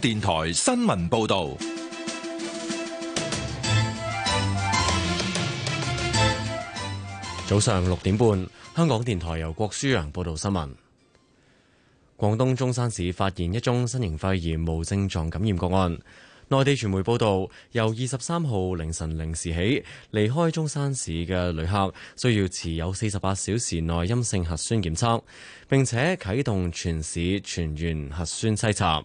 電台新聞報道，早上六點半，香港電台由郭書陽報道新聞。廣東中山市發現一宗新型肺炎無症狀感染個案。內地傳媒報道，由二十三號凌晨零時起離開中山市嘅旅客需要持有四十八小時內陰性核酸檢測，並且啟動全市全員核酸篩查。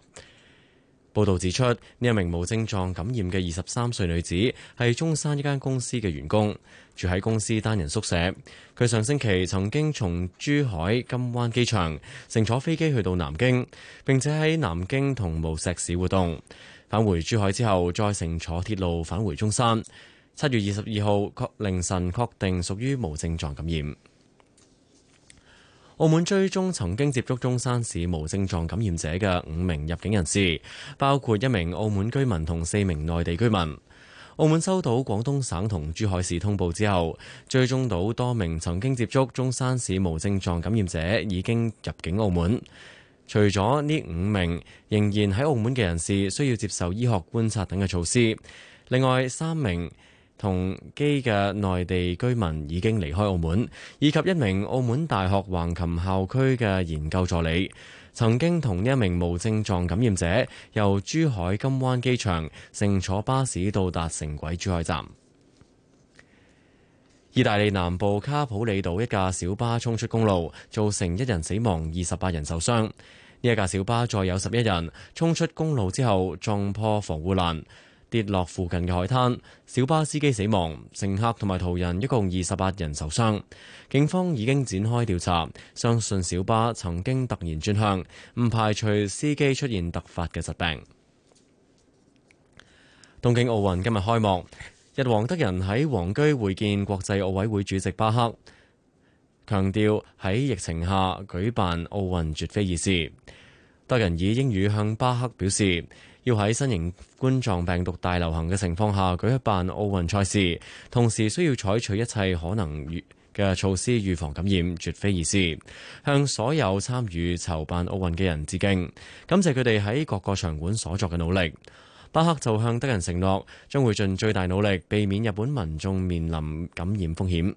報道指出，呢一名無症狀感染嘅二十三歲女子係中山一間公司嘅員工，住喺公司單人宿舍。佢上星期曾經從珠海金灣機場乘坐飛機去到南京，並且喺南京同無錫市活動。返回珠海之後，再乘坐鐵路返回中山。七月二十二號凌晨確定屬於無症狀感染。澳門追蹤曾經接觸中山市無症狀感染者嘅五名入境人士，包括一名澳門居民同四名內地居民。澳門收到廣東省同珠海市通報之後，追蹤到多名曾經接觸中山市無症狀感染者已經入境澳門。除咗呢五名仍然喺澳門嘅人士需要接受醫學觀察等嘅措施，另外三名同機嘅內地居民已經離開澳門，以及一名澳門大學橫琴校區嘅研究助理，曾經同一名無症狀感染者由珠海金灣機場乘坐巴士到達城軌珠海站。意大利南部卡普里島一架小巴衝出公路，造成一人死亡、二十八人受傷。呢一架小巴載有十一人，衝出公路之後撞破防護欄。跌落附近嘅海灘，小巴司機死亡，乘客同埋途人一共二十八人受傷。警方已經展開調查，相信小巴曾經突然轉向，唔排除司機出現突發嘅疾病。東京奧運今日開幕，日皇德仁喺皇居會見國際奧委會主席巴克，強調喺疫情下舉辦奧運絕非易事。德仁以英語向巴克表示。要喺新型冠狀病毒大流行嘅情況下舉辦奧運賽事，同時需要採取一切可能嘅措施預防感染，絕非易事。向所有參與籌辦奧運嘅人致敬，感謝佢哋喺各個場館所作嘅努力。巴克就向德仁承諾，將會盡最大努力避免日本民眾面臨感染風險。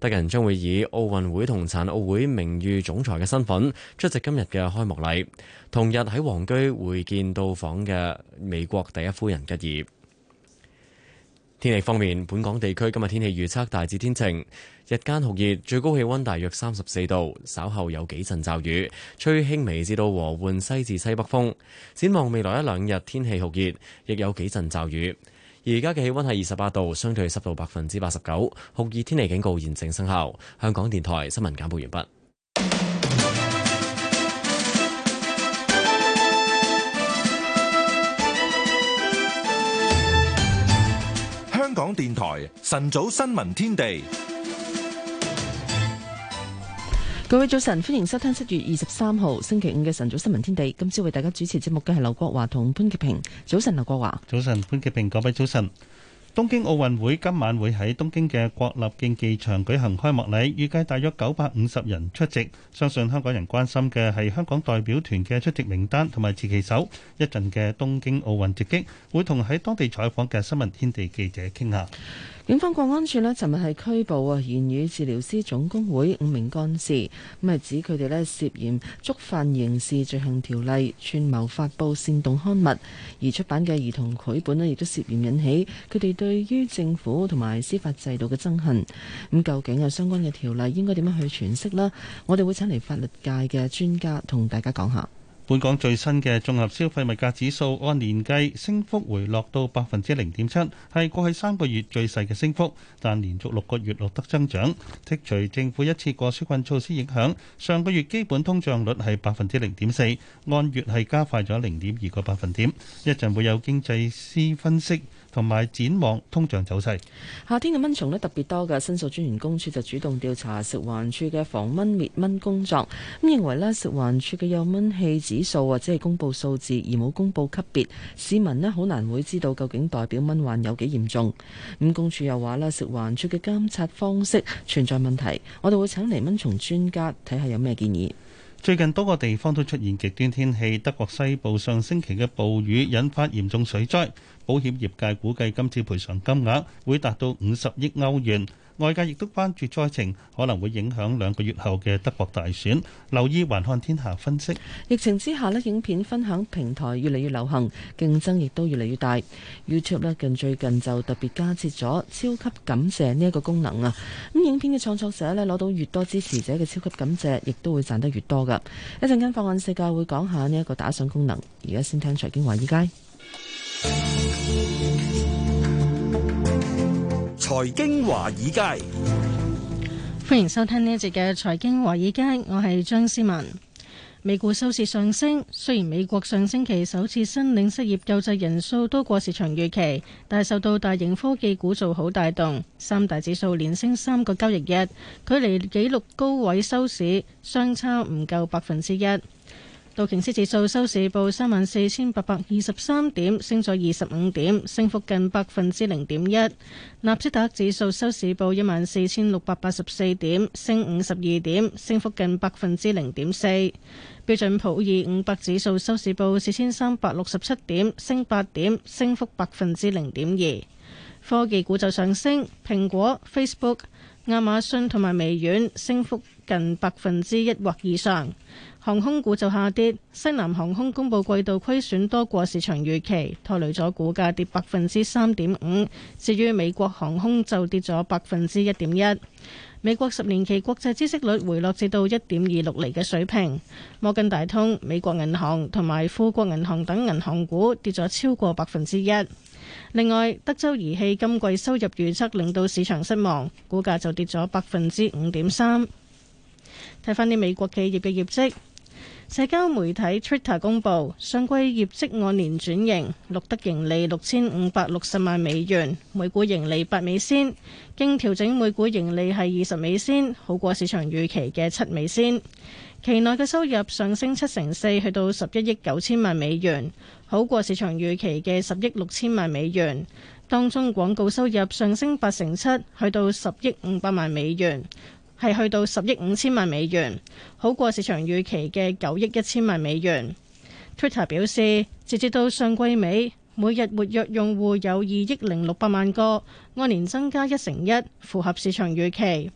德人將會以奧運會同殘奧會名譽總裁嘅身份出席今日嘅開幕禮。同日喺皇居會見到訪嘅美國第一夫人吉爾。天氣方面，本港地區今日天氣預測大致天晴，日間酷熱，最高氣溫大約三十四度，稍後有幾陣驟雨，吹輕微至到和緩西至西北風。展望未來一兩日，天氣酷熱，亦有幾陣驟雨。而家嘅氣温係二十八度，相對濕度百分之八十九，酷熱天氣警告現正生效。香港電台新聞簡報完畢。香港電台晨早新聞天地。各位早晨，歡迎收聽七月二十三號星期五嘅晨早新聞天地。今朝為大家主持節目嘅係劉國華同潘潔平。早晨，劉國華。早晨，潘潔平。各位早晨。東京奧運會今晚會喺東京嘅國立競技場舉行開幕禮，預計大約九百五十人出席。相信香港人關心嘅係香港代表團嘅出席名單同埋持旗手。一陣嘅東京奧運直擊，會同喺當地採訪嘅新聞天地記者傾下。警方國安處呢，尋日係拘捕啊言語治療師總工會五名幹事，咁係指佢哋呢涉嫌觸犯刑事罪行條例，串謀發布煽動刊物，而出版嘅兒童繪本呢亦都涉嫌引起佢哋對於政府同埋司法制度嘅憎恨。咁究竟啊，相關嘅條例應該點樣去詮釋呢？我哋會請嚟法律界嘅專家同大家講下。本港最新嘅綜合消費物價指數按年計升幅回落到百分之零點七，係過去三個月最細嘅升幅，但連續六個月錄得增長。剔除政府一次過紓困措施影響，上個月基本通脹率係百分之零點四，按月係加快咗零點二個百分點。一陣會有經濟師分析。同埋展望通脹走勢。夏天嘅蚊蟲咧特別多嘅，申訴專員公署就主動調查食環署嘅防蚊滅蚊工作。咁認為咧，食環署嘅誘蚊器指數或者係公佈數字而冇公佈級別，市民咧好難會知道究竟代表蚊患有幾嚴重。咁公署又話咧，食環署嘅監察方式存在問題。我哋會請嚟蚊蟲專家睇下有咩建議。最近多個地方都出現極端天氣，德國西部上星期嘅暴雨引發嚴重水災，保險業界估計今次賠償金額會達到五十億歐元。外界亦都關注災情可能會影響兩個月後嘅德國大選。留意還看天下分析。疫情之下咧，影片分享平台越嚟越流行，競爭亦都越嚟越大。YouTube 咧近最近就特別加設咗超級感謝呢一個功能啊。咁影片嘅創作者咧攞到越多支持者嘅超級感謝，亦都會賺得越多噶。一陣間放眼世界會講下呢一個打賞功能。而家先聽財經話，依家。財經華爾街，歡迎收聽呢一節嘅財經華爾街，我係張思文。美股收市上升，雖然美國上星期首次申領失業救濟人數多過市場預期，但受到大型科技股造好帶動，三大指數連升三個交易日，距離紀錄高位收市相差唔夠百分之一。道瓊斯指數收市報三萬四千八百二十三點，升咗二十五點，升幅近百分之零點一。納斯達克指數收市報一萬四千六百八十四點，升五十二點，升幅近百分之零點四。標準普爾五百指數收市報四千三百六十七點，升八點，升幅百分之零點二。科技股就上升，蘋果、Facebook、亞馬遜同埋微軟升幅近百分之一或以上。航空股就下跌，西南航空公佈季度虧損多過市場預期，拖累咗股價跌百分之三點五。至於美國航空就跌咗百分之一點一。美國十年期國債息率回落至到一點二六厘嘅水平。摩根大通、美國銀行同埋富國銀行等銀行股跌咗超過百分之一。另外，德州儀器今季收入預測令到市場失望，股價就跌咗百分之五點三。睇翻啲美國企業嘅業績。社交媒體 Twitter 公佈，上季業績按年轉型，錄得盈利六千五百六十萬美元，每股盈利八美仙，經調整每股盈利係二十美仙，好過市場預期嘅七美仙。期內嘅收入上升七成四，去到十一億九千萬美元，好過市場預期嘅十億六千萬美元。當中廣告收入上升八成七，去到十億五百萬美元。係去到十億五千萬美元，好過市場預期嘅九億一千萬美元。Twitter 表示，截至到上季尾，每日活躍用戶有二億零六百萬個，按年增加一成一，符合市場預期。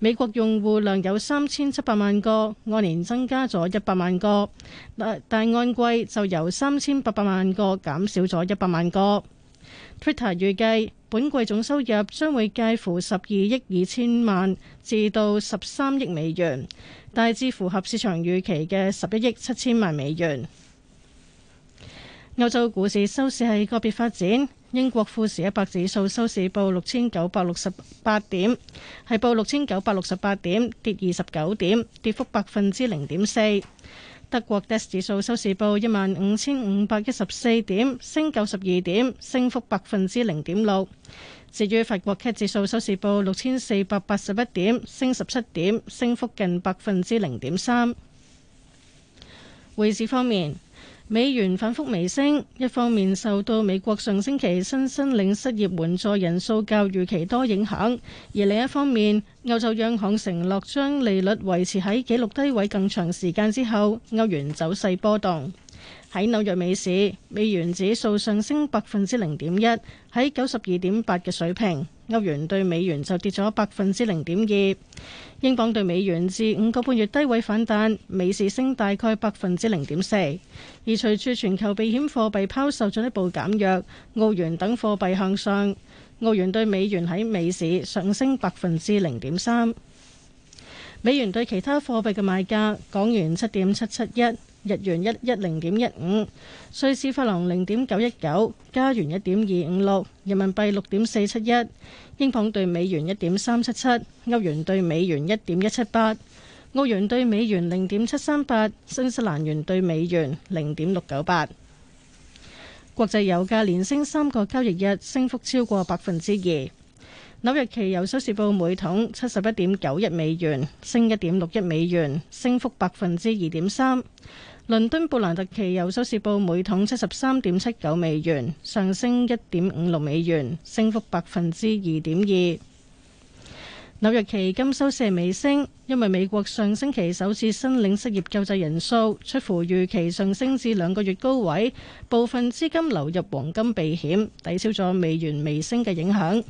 美國用戶量有三千七百萬個，按年增加咗一百萬個，但但按季就由三千八百萬個減少咗一百萬個。Twitter 預計本季總收入將會介乎十二億二千萬至到十三億美元，大致符合市場預期嘅十一億七千萬美元。歐洲股市收市係個別發展，英國富時一百指數收市報六千九百六十八點，係報六千九百六十八點，跌二十九點，跌幅百分之零點四。德國 DAX 指數收市報一萬五千五百一十四點，升九十二點，升幅百分之零點六。至於法國 CAC 指數收市報六千四百八十一點，升十七點，升幅近百分之零點三。匯市方面。美元反覆微升，一方面受到美國上星期新申領失業援助人數較預期多影響，而另一方面歐洲央行承諾將利率維持喺紀錄低位更長時間之後，歐元走勢波動。喺紐約美市，美元指數上升百分之零點一，喺九十二點八嘅水平。歐元對美元就跌咗百分之零點二，英鎊對美元至五個半月低位反彈，美市升大概百分之零點四。而隨住全球避險貨幣拋售進一步減弱，澳元等貨幣向上，澳元對美元喺美市上升百分之零點三。美元對其他貨幣嘅賣價，港元七點七七一。日元一一零點一五，瑞士法郎零點九一九，加元一點二五六，人民幣六點四七一，英鎊兌美元一點三七七，歐元兌美元一點一七八，澳元兌美元零點七三八，新西蘭元兌美元零點六九八。國際油價連升三個交易日，升幅超過百分之二。紐約期油收市報每桶七十一點九一美元，升一點六一美元，升幅百分之二點三。倫敦布蘭特期油收市報每桶七十三點七九美元，上升一點五六美元，升幅百分之二點二。紐約期金收市微升，因為美國上星期首次申領失業救濟人數出乎預期上升至兩個月高位，部分資金流入黃金避險，抵消咗美元微升嘅影響。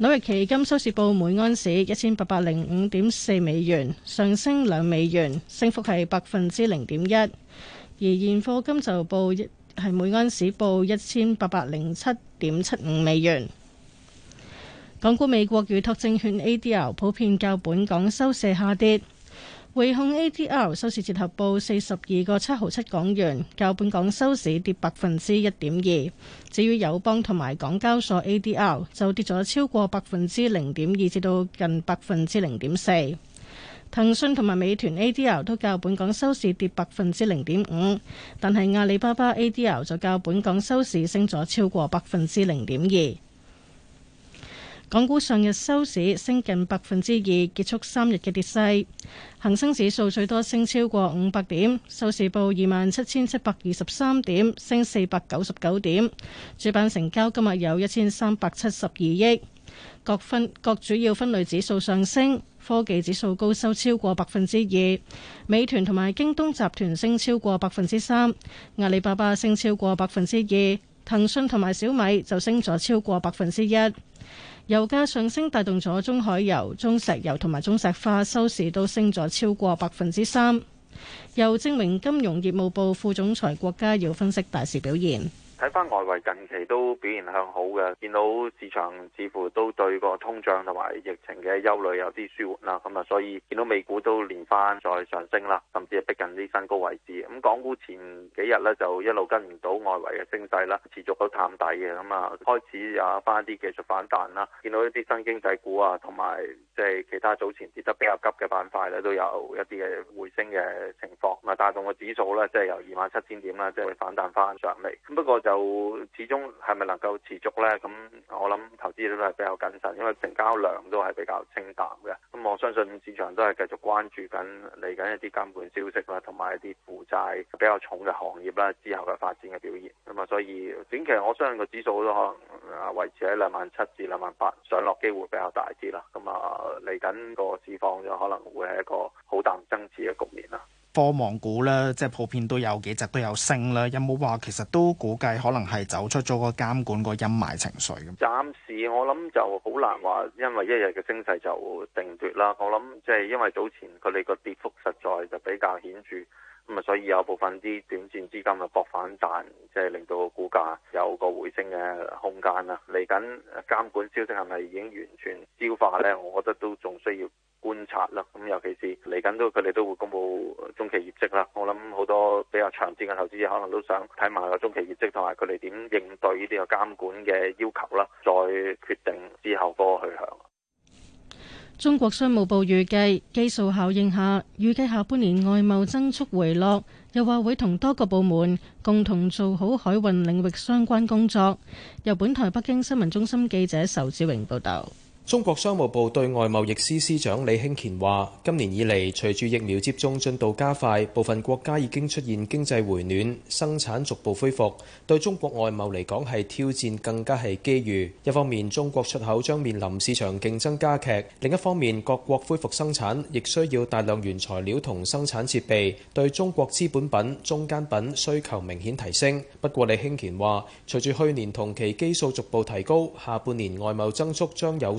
紐約期金收市報每安士一千八百零五點四美元，上升兩美元，升幅係百分之零點一；而現貨金就報係每安士報一千八百零七點七五美元。港股美國預託證券 A D L 普遍較本港收市下跌。匯控 A D R 收市折合報四十二個七毫七港元，較本港收市跌百分之一點二。至於友邦同埋港交所 A D R 就跌咗超過百分之零點二，至到近百分之零點四。騰訊同埋美團 A D R 都較本港收市跌百分之零點五，但係阿里巴巴 A D R 就較本港收市升咗超過百分之零點二。港股上日收市升近百分之二，結束三日嘅跌勢。恒生指數最多升超過五百點，收市報二萬七千七百二十三點，升四百九十九點。主板成交今日有一千三百七十二億。各分各主要分類指數上升，科技指數高收超過百分之二，美團同埋京東集團升超過百分之三，阿里巴巴升超過百分之二，騰訊同埋小米就升咗超過百分之一。油價上升帶動咗中海油、中石油同埋中石化收市都升咗超過百分之三，又證明金融業務部副總裁郭家耀分析大市表現。睇翻外圍近期都表現向好嘅，見到市場似乎都對個通脹同埋疫情嘅憂慮有啲舒緩啦。咁啊，所以見到美股都連翻再上升啦，甚至係逼近啲新高位置。咁港股前幾日咧就一路跟唔到外圍嘅升勢啦，持續都探底嘅。咁啊，開始有翻啲技術反彈啦。見到一啲新經濟股啊，同埋即係其他早前跌得比較急嘅板塊咧，都有一啲嘅回升嘅情況。咁啊，帶動個指數咧，即係由二萬七千點啦，即係會反彈翻上嚟。咁不過就～就始終係咪能夠持續呢？咁我諗投資都係比較謹慎，因為成交量都係比較清淡嘅。咁我相信市場都係繼續關注緊嚟緊一啲根本消息啦，同埋一啲負債比較重嘅行業啦，之後嘅發展嘅表現。咁啊，所以短期我相信個指數都可能維持喺兩萬七至兩萬八上落機會比較大啲啦。咁啊，嚟緊個市況就可能會係一個好淡爭持嘅局面啦。科網股咧，即係普遍都有幾隻都有升啦。有冇話其實都估計可能係走出咗個監管個陰霾情緒咁？暫時我諗就好難話，因為一日嘅升勢就定奪啦。我諗即係因為早前佢哋個跌幅實在就比較顯著。咁啊，所以有部分啲短線資金嘅博反彈，即係令到個股價有個回升嘅空間啦。嚟緊監管消息係咪已經完全消化咧？我覺得都仲需要觀察啦。咁尤其是嚟緊都佢哋都會公布中期業績啦。我諗好多比較長線嘅投資者可能都想睇埋個中期業績同埋佢哋點應對呢啲嘅監管嘅要求啦，再決定之後個去向。中國商務部預計基數效應下，預計下半年外貿增速回落，又話會同多個部門共同做好海運領域相關工作。由本台北京新聞中心記者仇志榮報道。中國商務部對外貿易司司長李興乾話：今年以嚟，隨住疫苗接種進度加快，部分國家已經出現經濟回暖，生產逐步恢復，對中國外貿嚟講係挑戰，更加係機遇。一方面，中國出口將面臨市場競爭加劇；另一方面，各國恢復生產，亦需要大量原材料同生產設備，對中國資本品、中間品需求明顯提升。不過，李興乾話，隨住去年同期基數逐步提高，下半年外貿增速將有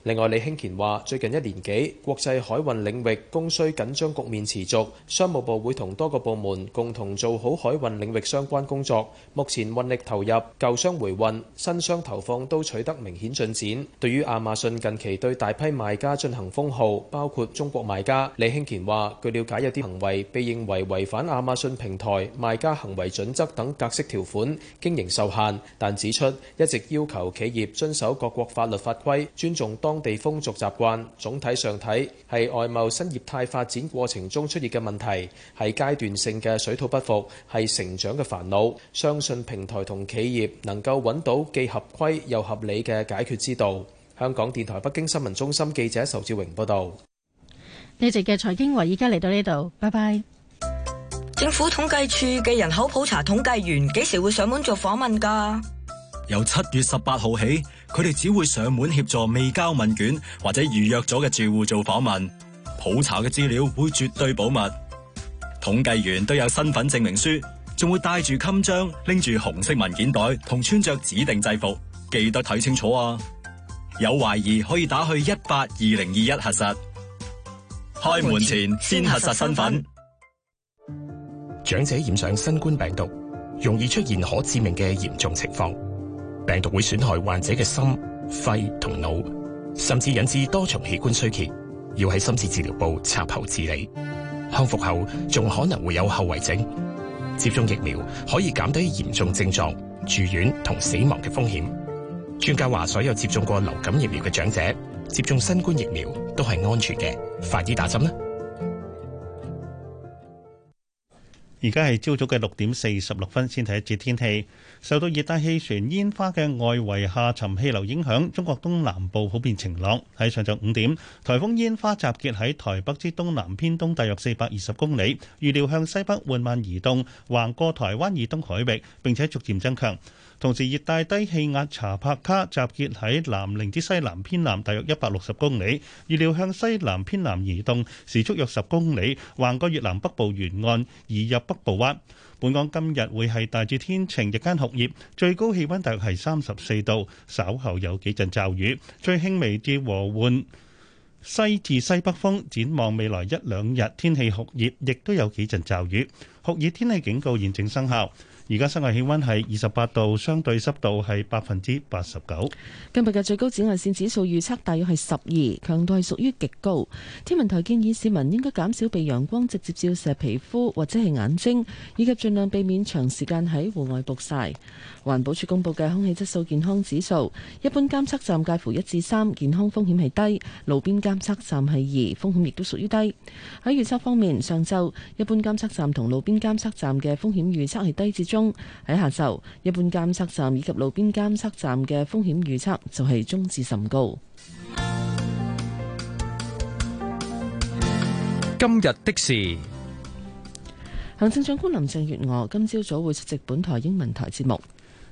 另外，李興乾話：最近一年幾，國際海運領域供需緊張局面持續，商務部會同多個部門共同做好海運領域相關工作。目前運力投入、舊箱回運、新箱投放都取得明顯進展。對於亞馬遜近期對大批賣家進行封號，包括中國賣家，李興乾話：據瞭解，有啲行為被認為違反亞馬遜平台賣家行為準則等格式條款，經營受限。但指出一直要求企業遵守各國法律法規，尊重多當地風俗習慣，總體上睇係外貿新業態發展過程中出現嘅問題，係階段性嘅水土不服，係成長嘅煩惱。相信平台同企業能夠揾到既合規又合理嘅解決之道。香港電台北京新聞中心記者仇志榮報道。你哋嘅財經話依家嚟到呢度，拜拜。政府統計處嘅人口普查統計員幾時會上門做訪問噶？由七月十八號起。佢哋只會上門協助未交問卷或者預約咗嘅住戶做訪問，普查嘅資料會絕對保密。統計員都有身份證明書，仲會戴住襟章，拎住紅色文件袋，同穿着指定制服。記得睇清楚啊！有懷疑可以打去一八二零二一核實。開門前先核實身份。身長者染上新冠病毒，容易出現可致命嘅嚴重情況。病毒會損害患者嘅心、肺同腦，甚至引致多重器官衰竭，要喺深切治療部插喉治理。康復後仲可能會有後遺症。接種疫苗可以減低嚴重症狀、住院同死亡嘅風險。專家話，所有接種過流感疫苗嘅長者接種新冠疫苗都係安全嘅。快啲打針啦！而家係朝早嘅六點四十六分，先睇一節天氣。受到熱帶氣旋煙花嘅外圍下沉氣流影響，中國東南部普遍晴朗。喺上晝五點，颱風煙花集結喺台北至東南偏東大約四百二十公里，預料向西北緩慢移動，橫過台灣以東海域，並且逐漸增強。同時，熱帶低氣壓查帕卡集結喺南寧至西南偏南大約一百六十公里，預料向西南偏南移動，時速約十公里，橫過越南北部沿岸，移入北部灣。本港今日會係大致天晴，日間酷熱，最高氣溫大約係三十四度，稍後有幾陣驟雨，最輕微至和緩西至西北風。展望未來一兩日天氣酷熱，亦都有幾陣驟雨，酷熱天氣警告現正生效。而家室外氣溫係二十八度，相對濕度係百分之八十九。今日嘅最高紫外線指數預測大約係十二，強度係屬於極高。天文台建議市民應該減少被陽光直接照射皮膚或者係眼睛，以及盡量避免長時間喺戶外曝曬。環保署公布嘅空氣質素健康指數，一般監測站介乎一至三，健康風險係低；路邊監測站係二，風險亦都屬於低。喺預測方面，上晝一般監測站同路邊監測站嘅風險預測係低至中。喺下晝，一般監測站以及路邊監測站嘅風險預測就係中至甚高。今日的事，行政長官林鄭月娥今朝早會出席本台英文台節目。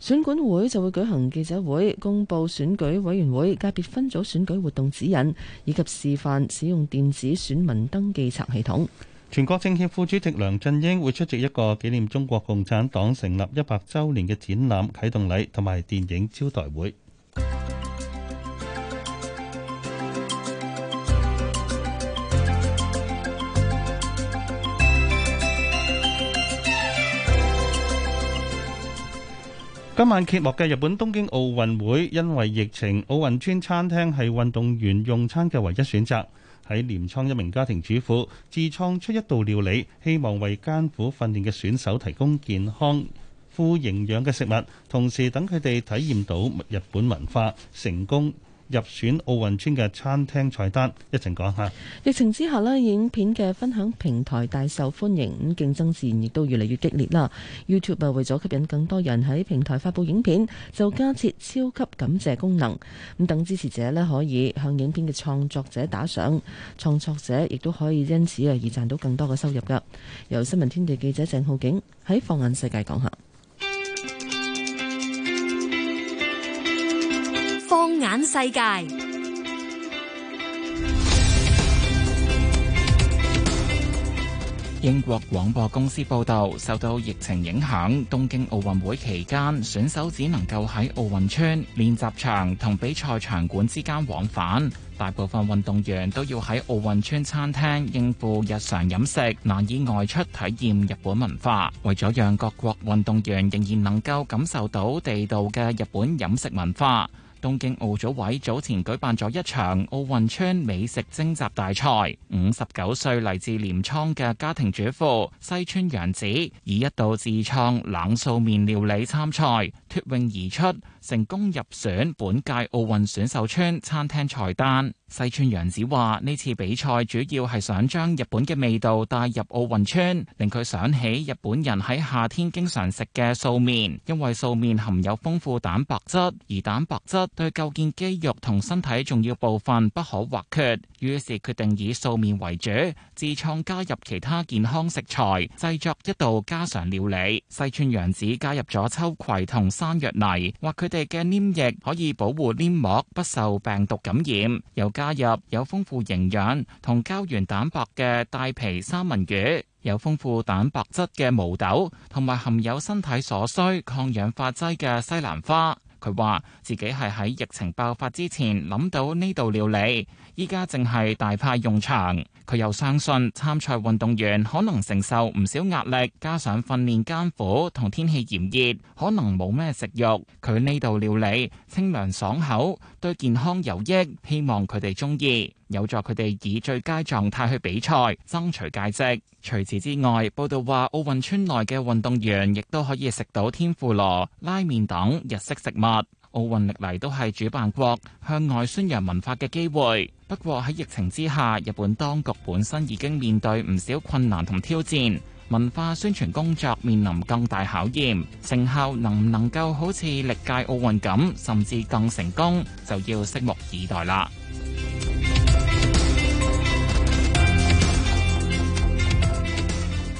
選管會就會舉行記者會，公布選舉委員會界別分組選舉活動指引，以及示範使用電子選民登記冊系統。全國政協副主席梁振英會出席一個紀念中國共產黨成立一百週年嘅展覽啟動禮同埋電影招待會。今晚揭幕嘅日本東京奧運會，因為疫情，奧運村餐廳係運動員用餐嘅唯一選擇。喺鎌倉，一名家庭主婦自創出一道料理，希望為艱苦訓練嘅選手提供健康富營養嘅食物，同時等佢哋體驗到日本文化，成功。入選奧運村嘅餐廳菜單，一齊講下。疫情之下咧，影片嘅分享平台大受歡迎，咁競爭自然亦都越嚟越激烈啦。YouTube 啊，為咗吸引更多人喺平台發布影片，就加設超級感謝功能，咁等支持者咧可以向影片嘅創作者打賞，創作者亦都可以因此啊而賺到更多嘅收入噶。由新聞天地記，記者鄭浩景喺放眼世界講下。放眼世界，英國廣播公司報道，受到疫情影響，東京奧運會期間，選手只能夠喺奧運村練習場同比賽場館之間往返。大部分運動員都要喺奧運村餐廳應付日常飲食，難以外出體驗日本文化。為咗讓各國運動員仍然能夠感受到地道嘅日本飲食文化。東京奧組委早前舉辦咗一場奧運村美食徵集大賽，五十九歲嚟自鎌倉嘅家庭主婦西川洋子以一道自創冷素麵料理參賽，脫穎而出，成功入選本屆奧運選手村餐廳菜單。西村洋子話：呢次比賽主要係想將日本嘅味道帶入奧運村，令佢想起日本人喺夏天經常食嘅素麵，因為素麵含有豐富蛋白質，而蛋白質對構建肌肉同身體重要部分不可或缺。於是決定以素麵為主，自創加入其他健康食材，製作一道家常料理。西川洋子加入咗秋葵同山藥泥，話佢哋嘅黏液可以保護黏膜不受病毒感染，又加入有豐富營養同膠原蛋白嘅帶皮三文魚，有豐富蛋白質嘅毛豆，同埋含有身體所需抗氧化劑嘅西蘭花。佢話自己係喺疫情爆發之前諗到呢道料理。依家正係大派用場，佢又相信參賽運動員可能承受唔少壓力，加上訓練艱苦同天氣炎熱，可能冇咩食慾。佢呢度料理清涼爽口，對健康有益，希望佢哋中意，有助佢哋以最佳狀態去比賽，爭取佳績。除此之外，報道話奧運村內嘅運動員亦都可以食到天婦羅、拉麵等日式食物。奧運歷來都係主辦國向外宣揚文化嘅機會，不過喺疫情之下，日本當局本身已經面對唔少困難同挑戰，文化宣傳工作面臨更大考驗，成效能唔能夠好似歷屆奧運咁，甚至更成功，就要拭目以待啦。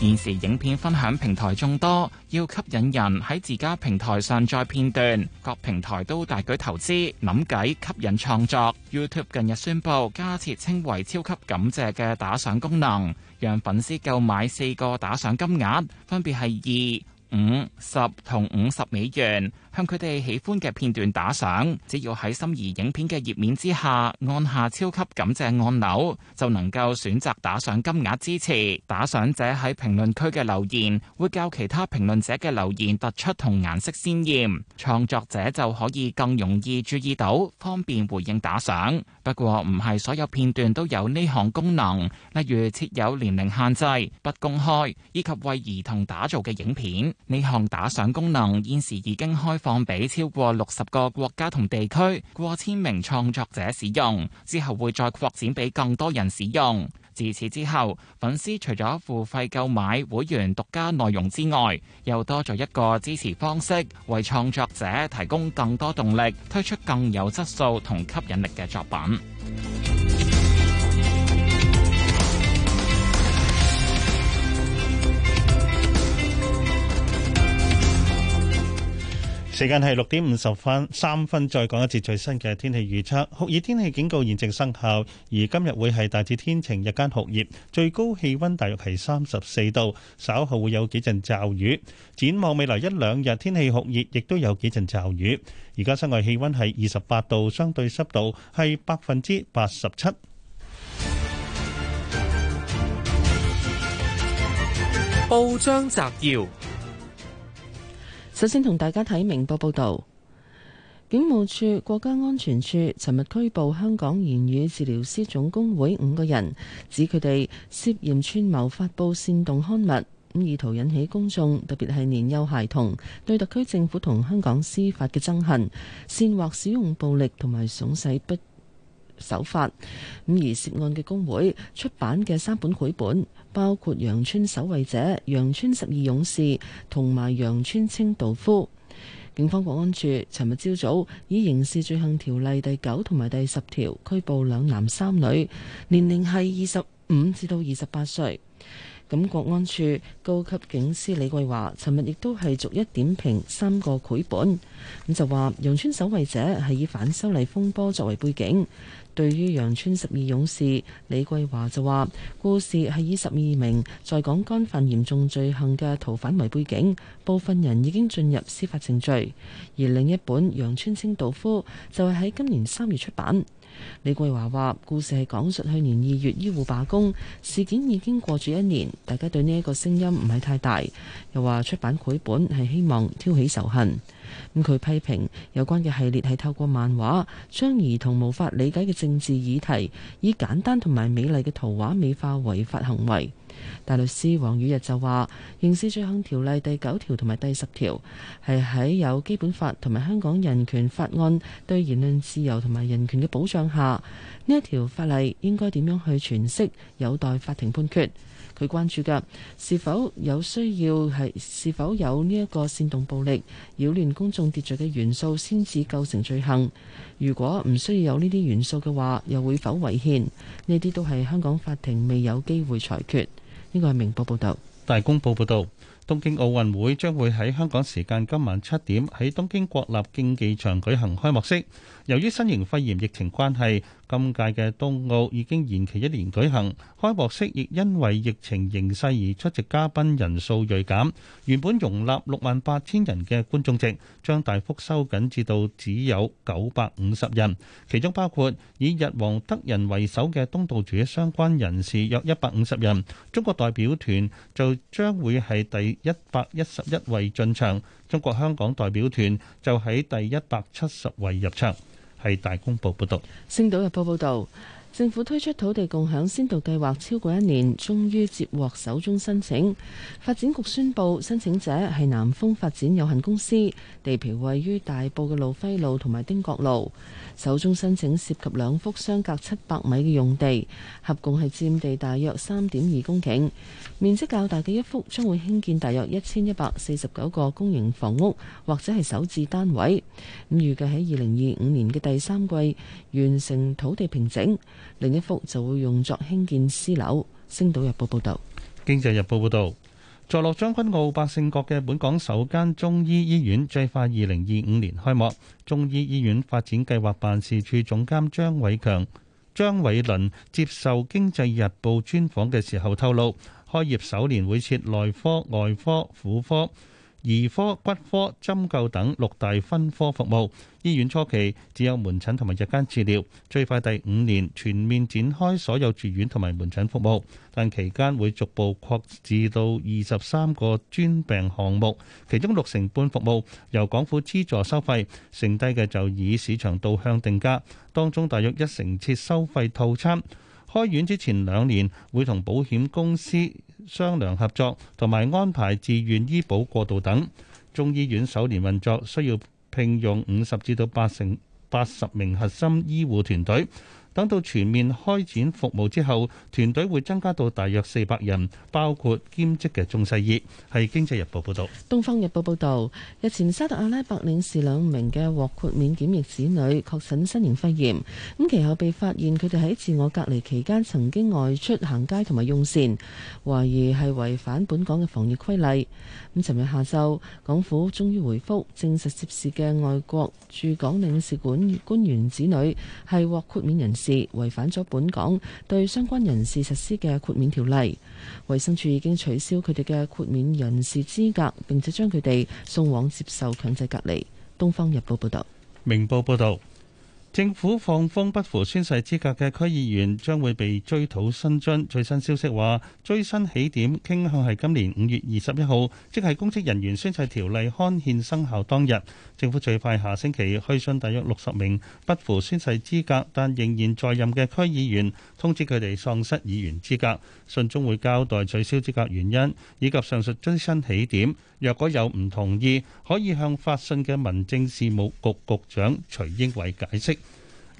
現時影片分享平台眾多，要吸引人喺自家平台上載片段，各平台都大舉投資、諗計吸引創作。YouTube 近日宣布加設稱為「超級感謝」嘅打賞功能，讓粉絲購買四個打賞金額，分別係二、五、十同五十美元。向佢哋喜歡嘅片段打賞，只要喺心儀影片嘅頁面之下按下超級感謝按鈕，就能夠選擇打賞金額支持。打賞者喺評論區嘅留言，會較其他評論者嘅留言突出同顏色鮮豔，創作者就可以更容易注意到，方便回應打賞。不過唔係所有片段都有呢項功能，例如設有年齡限制、不公開，以及為兒童打造嘅影片。呢項打賞功能現時已經開放俾超過六十個國家同地區過千名創作者使用，之後會再擴展俾更多人使用。自此之後，粉絲除咗付費購買會員獨家內容之外，又多咗一個支持方式，為創作者提供更多動力，推出更有質素同吸引力嘅作品。時間係六點五十分三分，再講一次最新嘅天氣預測。酷熱天氣警告現正生效，而今日會係大致天晴，日間酷熱，最高氣温大約係三十四度，稍後會有幾陣驟雨。展望未來一兩日天氣酷熱，亦都有幾陣驟雨。而家室外氣温係二十八度，相對濕度係百分之八十七。報章摘要。首先同大家睇明報報道，警務處國家安全處尋日拘捕香港言語治療師總工會五個人，指佢哋涉嫌串謀發佈煽動刊物，咁意圖引起公眾，特別係年幼孩童對特區政府同香港司法嘅憎恨，煽惑使用暴力同埋慫使不。手法咁，而涉案嘅工會出版嘅三本繪本，包括《羊村守衛者》、《羊村十二勇士》同埋《羊村清道夫》。警方國安處尋日朝早以刑事罪行條例第九同埋第十條拘捕兩男三女，年齡係二十五至到二十八歲。咁國安處高級警司李桂華尋日亦都係逐一點評三個繪本，咁就話《羊村守衛者》係以反修例風波作為背景。對於《羊村十二勇士》，李桂華就話：故事係以十二名在港干犯嚴重罪行嘅逃犯為背景，部分人已經進入司法程序。而另一本《羊村清道夫》就係喺今年三月出版。李桂華話：故事係講述去年二月醫護罷工事件已經過咗一年，大家對呢一個聲音唔係太大。又話出版繪本係希望挑起仇恨。咁佢批評有關嘅系列係透過漫畫將兒童無法理解嘅政治議題，以簡單同埋美麗嘅圖畫美化違法行為。大律師黃宇日就話，刑事罪行條例第九條同埋第十條係喺有基本法同埋香港人權法案對言論自由同埋人權嘅保障下，呢一條法例應該點樣去詮釋，有待法庭判決。佢關注嘅是否有需要係是否有呢一個煽動暴力、擾亂公眾秩序嘅元素先至構成罪行？如果唔需要有呢啲元素嘅話，又會否違憲？呢啲都係香港法庭未有機會裁決。呢個係明報報道。大公報報道，東京奧運會將會喺香港時間今晚七點喺東京國立競技場舉行開幕式。由於新型肺炎疫情關係，今屆嘅東奧已經延期一年舉行。開幕式亦因為疫情形勢而出席嘉賓人數鋭減，原本容納六萬八千人嘅觀眾席將大幅收緊，至到只有九百五十人。其中包括以日皇德仁為首嘅東道主相關人士約一百五十人。中國代表團就將會係第一百一十一位進場，中國香港代表團就喺第一百七十位入場。係大公報報道，《星島日報》報道。政府推出土地共享先導計劃超過一年，終於接獲首宗申請。發展局宣布申請者係南豐發展有限公司，地皮位於大埔嘅露輝路同埋丁角路，首宗申請涉及兩幅相隔七百米嘅用地，合共係佔地大約三點二公頃。面積較大嘅一幅將會興建大約一千一百四十九個公營房屋或者係首置單位。咁預計喺二零二五年嘅第三季，完成土地平整，另一幅就會用作興建私樓。星島日報報導、經濟日報報導，坐落將軍澳百勝角嘅本港首間中醫醫院最快二零二五年開幕。中醫醫院發展計劃辦事處總監張偉強、張偉麟接受經濟日報專訪嘅時候透露，開業首年會設內科、外科、婦科、兒科、骨科、針灸等六大分科服務，醫院初期只有門診同埋日間治療，最快第五年全面展開所有住院同埋門診服務。但期間會逐步擴展到二十三個專病項目，其中六成半服務由港府資助收費，剩低嘅就以市場導向定價，當中大約一成設收費套餐。開院之前兩年會同保險公司商量合作，同埋安排自願醫保過渡等。中醫院首年運作需要聘用五十至到八成八十名核心醫護團隊。等到全面開展服務之後，團隊會增加到大約四百人，包括兼職嘅中西醫。係經濟日報報道，東方日報報道，日前沙特阿拉伯領事兩名嘅獲豁免檢疫子女確診新型肺炎，咁其後被發現佢哋喺自我隔離期間曾經外出行街同埋用膳，懷疑係違反本港嘅防疫規例。咁尋日下晝，港府終於回覆證實涉事嘅外國駐港領事館官員子女係獲豁免人士。違反咗本港對相關人士實施嘅豁免條例，衛生署已經取消佢哋嘅豁免人士資格，並且將佢哋送往接受強制隔離。東方日報報道。明報報道。政府放風，不符宣誓資格嘅區議員將會被追討薪津。最新消息話，追薪起點傾向係今年五月二十一號，即係公職人員宣誓條例刊憲生效當日。政府最快下星期開信，大約六十名不符宣誓資格但仍然在任嘅區議員，通知佢哋喪失議員資格。信中會交代取消資格原因以及上述追薪起點。若果有唔同意，可以向發信嘅民政事務局局局長徐英偉解釋。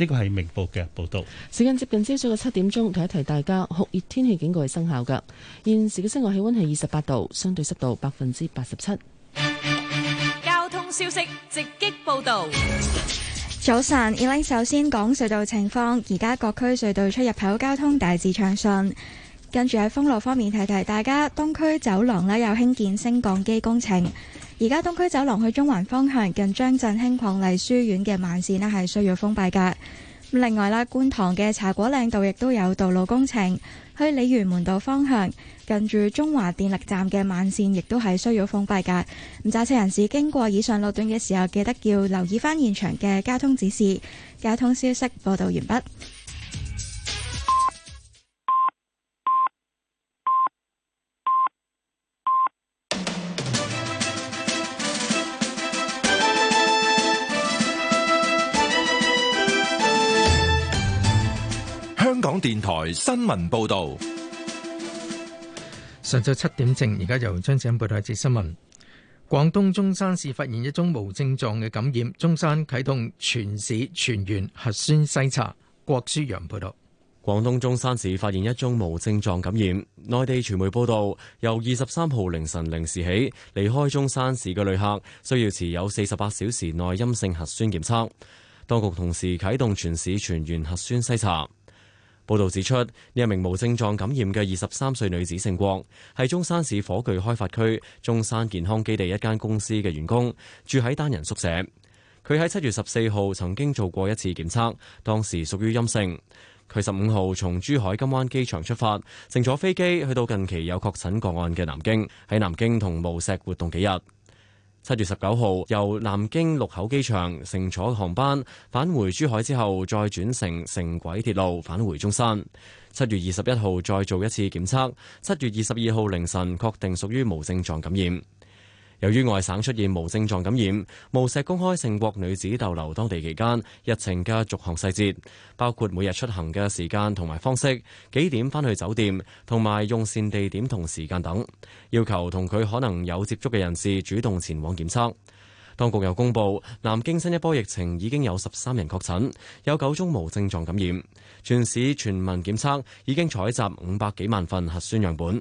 呢個係明報嘅報導。時間接近朝早嘅七點鐘，提一提大家酷熱天氣警告係生效嘅。現時嘅室外氣溫係二十八度，相對濕度百分之八十七。交通消息直擊報導。早晨 e l e e n 首先講隧道情況。而家各區隧道出入口交通大致暢順。跟住喺封路方面，提提大家東區走廊呢有興建升降機工程。而家東區走廊去中環方向近張振興伉儷書院嘅慢線咧係需要封閉嘅。另外啦，觀塘嘅茶果嶺道亦都有道路工程，去鯉魚門道方向近住中華電力站嘅慢線亦都係需要封閉嘅。咁揸車人士經過以上路段嘅時候，記得要留意返現場嘅交通指示。交通消息報道完畢。香港電台新聞報道，上晝七點正，而家由張子欣報道一節新聞。廣東中山市發現一宗無症狀嘅感染，中山啟動全市全員核酸篩查。郭書洋報道：廣東中山市發現一宗無症狀感染。內地傳媒報道，由二十三號凌晨零時起離開中山市嘅旅客需要持有四十八小時內陰性核酸檢測。當局同時啟動全市全員核酸篩查。報道指出，呢一名無症狀感染嘅二十三歲女子姓郭，係中山市火炬開發區中山健康基地一間公司嘅員工，住喺單人宿舍。佢喺七月十四號曾經做過一次檢測，當時屬於陰性。佢十五號從珠海金灣機場出發，乘坐飛機去到近期有確診個案嘅南京，喺南京同無錫活動幾日。七月十九號由南京祿口機場乘坐航班返回珠海之後，再轉乘城軌鐵路返回中山。七月二十一號再做一次檢測，七月二十二號凌晨確定屬於無症狀感染。由於外省出現無症狀感染，無錫公開成國女子逗留當地期間日程嘅逐項細節，包括每日出行嘅時間同埋方式、幾點返去酒店同埋用膳地點同時間等，要求同佢可能有接觸嘅人士主動前往檢測。當局又公布南京新一波疫情已經有十三人確診，有九宗無症狀感染，全市全民檢測已經採集五百幾萬份核酸樣本。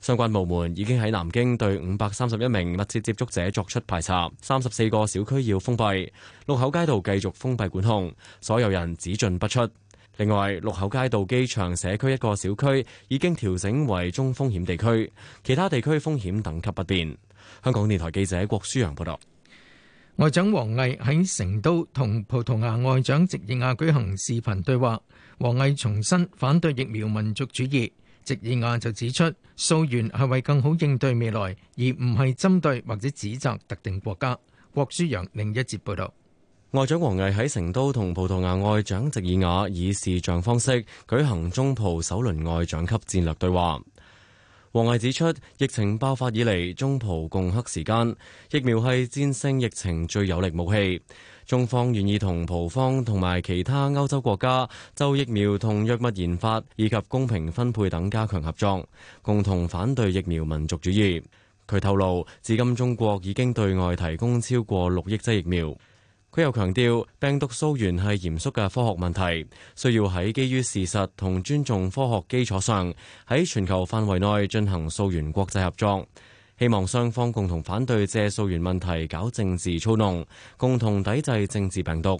相關部門已經喺南京對五百三十一名密切接觸者作出排查，三十四個小區要封閉，祿口街道繼續封閉管控，所有人只進不出。另外，祿口街道機場社區一個小區已經調整為中風險地區，其他地區風險等級不變。香港電台記者郭舒揚報道。外長王毅喺成都同葡萄牙外長席爾瓦舉行視頻對話，王毅重申反對疫苗民族主義。席爾瓦就指出，溯源係為更好應對未來，而唔係針對或者指責特定國家。郭書陽另一節報道。外長王毅喺成都同葡萄牙外長席爾瓦以視像方式舉行中葡首輪外長級戰略對話。王毅指出，疫情爆發以嚟，中葡共克時間共克時艱，疫苗係戰勝疫情最有力武器。中方願意同葡方同埋其他歐洲國家就疫苗同藥物研發以及公平分配等加強合作，共同反對疫苗民族主義。佢透露，至今中國已經對外提供超過六億劑疫苗。佢又強調，病毒溯源係嚴肅嘅科學問題，需要喺基於事實同尊重科學基礎上，喺全球範圍內進行溯源國際合作。希望雙方共同反對借溯源問題搞政治操弄，共同抵制政治病毒，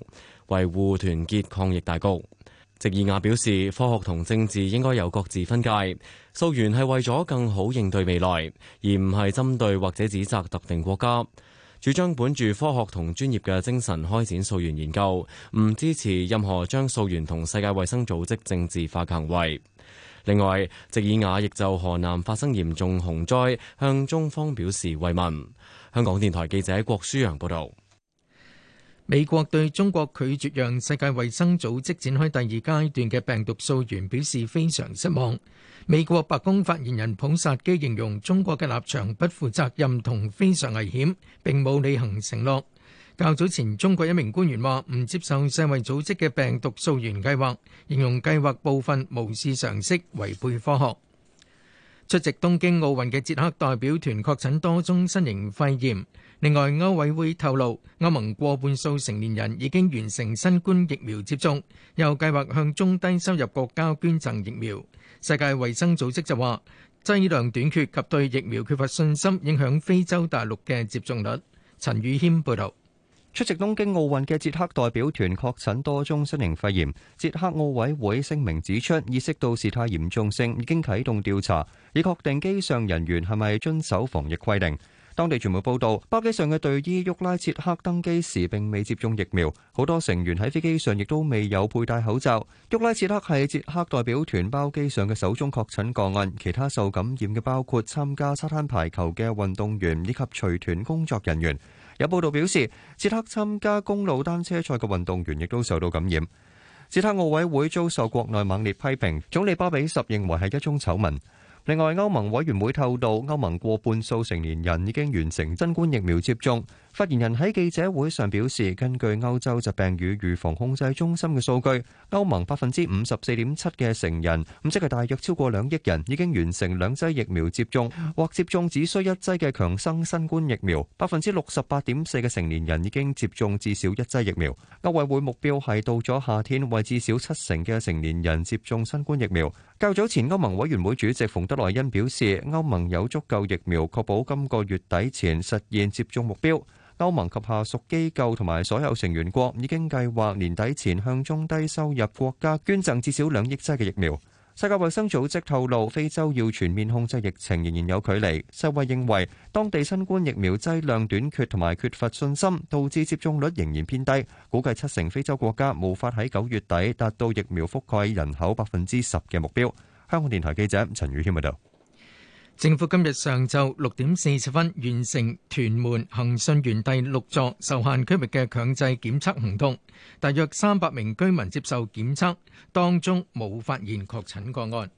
維護團結抗疫大局。席爾瓦表示，科學同政治應該有各自分界，溯源係為咗更好應對未來，而唔係針對或者指責特定國家。主張本住科學同專業嘅精神開展溯源研究，唔支持任何將溯源同世界衛生組織政治化行為。另外，席爾瓦亦就河南發生嚴重洪災向中方表示慰問。香港電台記者郭書陽報道，美國對中國拒絕讓世界衛生組織展開第二階段嘅病毒溯源表示非常失望。美國白宮發言人普薩基形容中國嘅立場不負責任同非常危險，並冇履行承諾。較早前，中國一名官員話：唔接受世衛組織嘅病毒溯源計劃，形容計劃部分無視常識，違背科學。出席東京奧運嘅捷克代表團確診多宗新型肺炎。另外，歐委會透露歐盟過半數成年人已經完成新冠疫苗接種，又計劃向中低收入國家捐贈疫苗。世界衛生組織就話劑量短缺及對疫苗缺乏信心，影響非洲大陸嘅接種率。陳宇謙報導。出席東京奧運嘅捷克代表團確診多宗新型肺炎，捷克奧委會聲明指出，意識到事態嚴重性，已經啟動調查，以確定機上人員係咪遵守防疫規定。當地傳媒報道，包機上嘅隊醫沃拉切克登機時並未接種疫苗，好多成員喺飛機上亦都未有佩戴口罩。沃拉切克係捷克代表團包機上嘅首宗確診個案，其他受感染嘅包括參加沙灘排球嘅運動員以及隨團工作人員。有報道表示，捷克參加公路單車賽嘅運動員亦都受到感染。捷克奧委會遭受國內猛烈批評，總理巴比什認為係一宗醜聞。另外，歐盟委員會透露，歐盟過半數成年人已經完成新冠疫苗接種。發言人喺記者會上表示，根據歐洲疾病與預防控制中心嘅數據，歐盟百分之五十四點七嘅成人，咁即係大約超過兩億人，已經完成兩劑疫苗接種或接種只需一劑嘅強生新冠疫苗。百分之六十八點四嘅成年人已經接種至少一劑疫苗。歐委會目標係到咗夏天為至少七成嘅成年人接種新冠疫苗。較早前，歐盟委員會主席馮德萊恩表示，歐盟有足夠疫苗，確保今個月底前實現接種目標。歐盟及下屬機構同埋所有成員國已經計劃年底前向中低收入國家捐贈至少兩億劑嘅疫苗。世界衛生組織透露，非洲要全面控制疫情仍然有距離。世衛認為，當地新冠疫苗劑量短缺同埋缺乏信心，導致接種率仍然偏低。估計七成非洲國家無法喺九月底達到疫苗覆蓋人口百分之十嘅目標。香港電台記者陳宇軒報道。政府今日上晝六點四十分完成屯門恒信園第六座受限區域嘅強制檢測行動，大約三百名居民接受檢測，當中冇發現確診個案。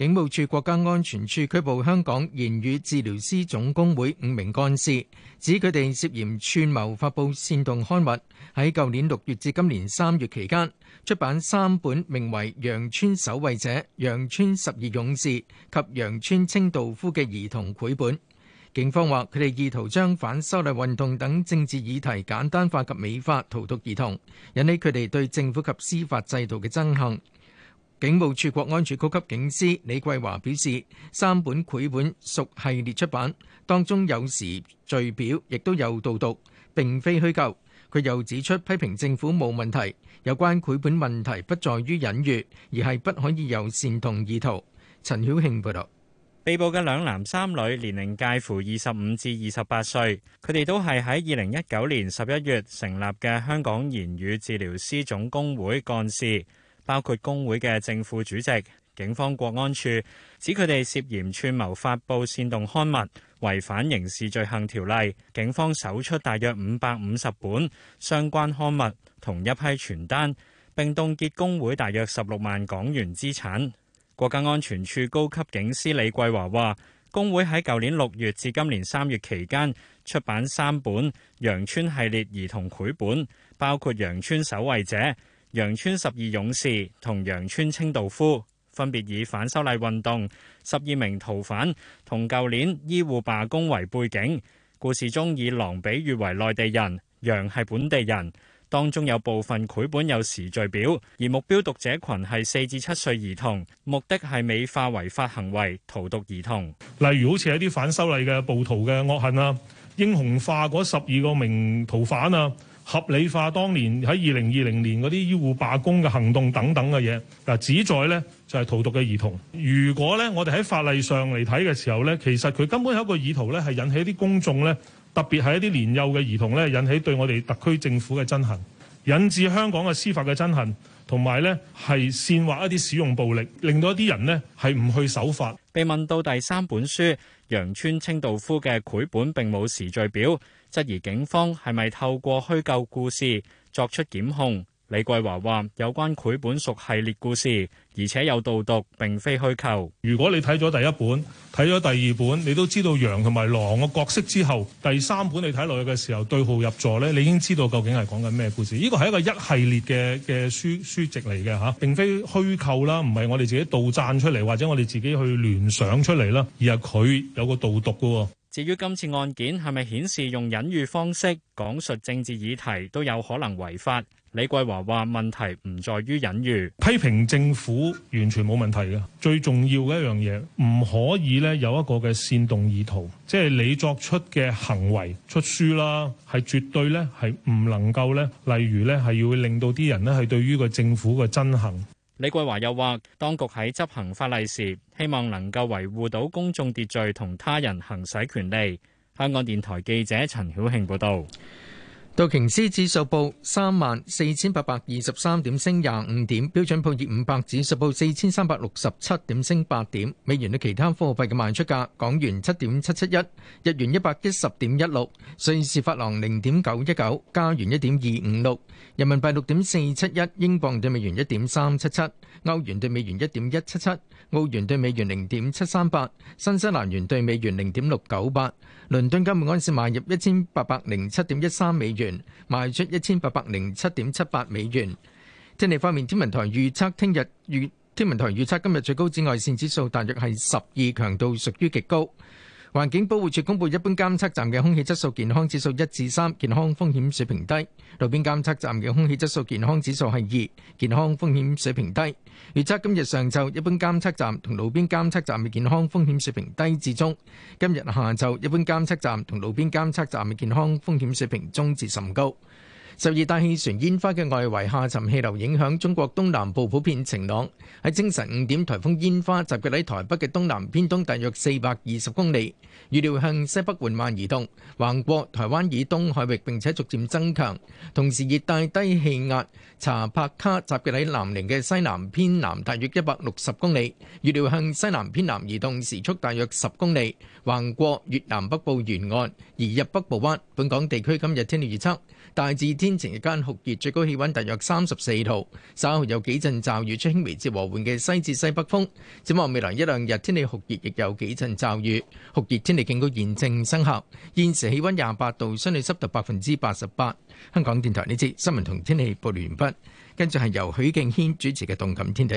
警務處國家安全處拘捕香港言語治療師總工會五名幹事，指佢哋涉嫌串謀發布煽動刊物。喺舊年六月至今年三月期間，出版三本名為《羊村守衛者》、《羊村十二勇士》及《羊村清道夫》嘅兒童繪本。警方話佢哋意圖將反修例運動等政治議題簡單化及美化，荼毒兒童，引起佢哋對政府及司法制度嘅憎恨。警務處國安處高級警司李桂華表示，三本繪本屬系列出版，當中有時序表，亦都有導讀，並非虛構。佢又指出，批評政府冇問題，有關繪本問題不在於隱喻，而係不可以有煽動意圖。陳曉慶報道，被捕嘅兩男三女年齡介乎二十五至二十八歲，佢哋都係喺二零一九年十一月成立嘅香港言語治療師總工會幹事。包括工會嘅正副主席，警方國安處指佢哋涉嫌串謀發布煽動刊物，違反刑事罪行條例。警方搜出大約五百五十本相關刊物，同一批傳單，並凍結工會大約十六萬港元資產。國家安全處高級警司李桂華話，工會喺舊年六月至今年三月期間出版三本羊村系列兒童繪本，包括《羊村守衛者》。羊村十二勇士同羊村清道夫，分別以反修例運動、十二名逃犯同舊年醫護罷工為背景。故事中以狼比喻為內地人，羊係本地人。當中有部分繪本有時序表，而目標讀者羣係四至七歲兒童，目的係美化違法行為、荼毒兒童。例如好似一啲反修例嘅暴徒嘅惡行啊，英雄化嗰十二個名逃犯啊。合理化當年喺二零二零年嗰啲醫護罷工嘅行動等等嘅嘢，嗱旨在呢就係、是、荼毒嘅兒童。如果咧我哋喺法例上嚟睇嘅時候呢，其實佢根本有一個意圖咧，係引起一啲公眾呢，特別係一啲年幼嘅兒童咧，引起對我哋特區政府嘅憎恨，引致香港嘅司法嘅憎恨，同埋呢係煽惑一啲使用暴力，令到一啲人呢係唔去守法。被問到第三本書羊村清道夫嘅繪本並冇時序表。質疑警方係咪透過虛構故事作出檢控？李桂華話：有關繪本屬系列故事，而且有導讀，並非虛構。如果你睇咗第一本，睇咗第二本，你都知道羊同埋狼嘅角色之後，第三本你睇落去嘅時候對號入座呢，你已經知道究竟係講緊咩故事。呢個係一個一系列嘅嘅書書籍嚟嘅吓，並非虛構啦，唔係我哋自己杜撰出嚟或者我哋自己去聯想出嚟啦，而係佢有個導讀嘅。至於今次案件係咪顯示用隱喻方式講述政治議題都有可能違法？李桂華話：問題唔在於隱喻，批評政府完全冇問題嘅。最重要嘅一樣嘢唔可以咧有一個嘅煽動意圖，即係你作出嘅行為出書啦，係絕對咧係唔能夠咧，例如咧係要令到啲人咧係對於個政府嘅憎恨。李桂華又話，當局喺執行法例時，希望能夠維護到公眾秩序同他人行使權利。香港電台記者陳曉慶報道。道瓊斯指數報三萬四千八百二十三點，升廿五點。標準普爾五百指數報四千三百六十七點，升八點。美元對其他貨幣嘅賣出價：港元七點七七一，日元一百一十點一六，瑞士法郎零點九一九，加元一點二五六，人民幣六點四七一，英鎊對美元一點三七七，歐元對美元一點一七七，澳元對美元零點七三八，新西蘭元對美元零點六九八。倫敦金每安士買入一千八百零七點一三美元，賣出一千八百零七點七八美元。天氣方面，天文台預測聽日預天文台預測今日最高紫外線指數大約係十二，強度屬於極高。環境保護署公布一般監測站嘅空氣質素健康指數一至三，健康風險水平低；路邊監測站嘅空氣質素健康指數係二，健康風險水平低。預測今日上晝一般監測站同路邊監測站嘅健康風險水平低至中；今日下晝一般監測站同路邊監測站嘅健康風險水平中至甚高。受熱帶氣旋煙花嘅外圍下沉氣流影響中國東南部，普遍晴朗。喺清晨五點，颱風煙花集結喺台北嘅東南偏東大約四百二十公里，預料向西北緩慢移動，橫過台灣以東海域並且逐漸增強。同時，熱帶低氣壓查柏卡集結喺南寧嘅西南偏南大約一百六十公里，預料向西南偏南移動，時速大約十公里，橫過越南北部沿岸移入北部灣。本港地區今日天氣預測。大致天晴，日間酷熱，最高氣溫大約三十四度，稍後有幾陣驟雨，吹輕微至和緩嘅西至西北風。展望未來一兩日，天氣酷熱，亦有幾陣驟雨。酷熱天氣警告現正生效。現時氣溫廿八度，相對濕度百分之八十八。香港電台呢節新聞同天氣報告完畢，跟住係由許敬軒主持嘅《動感天地》。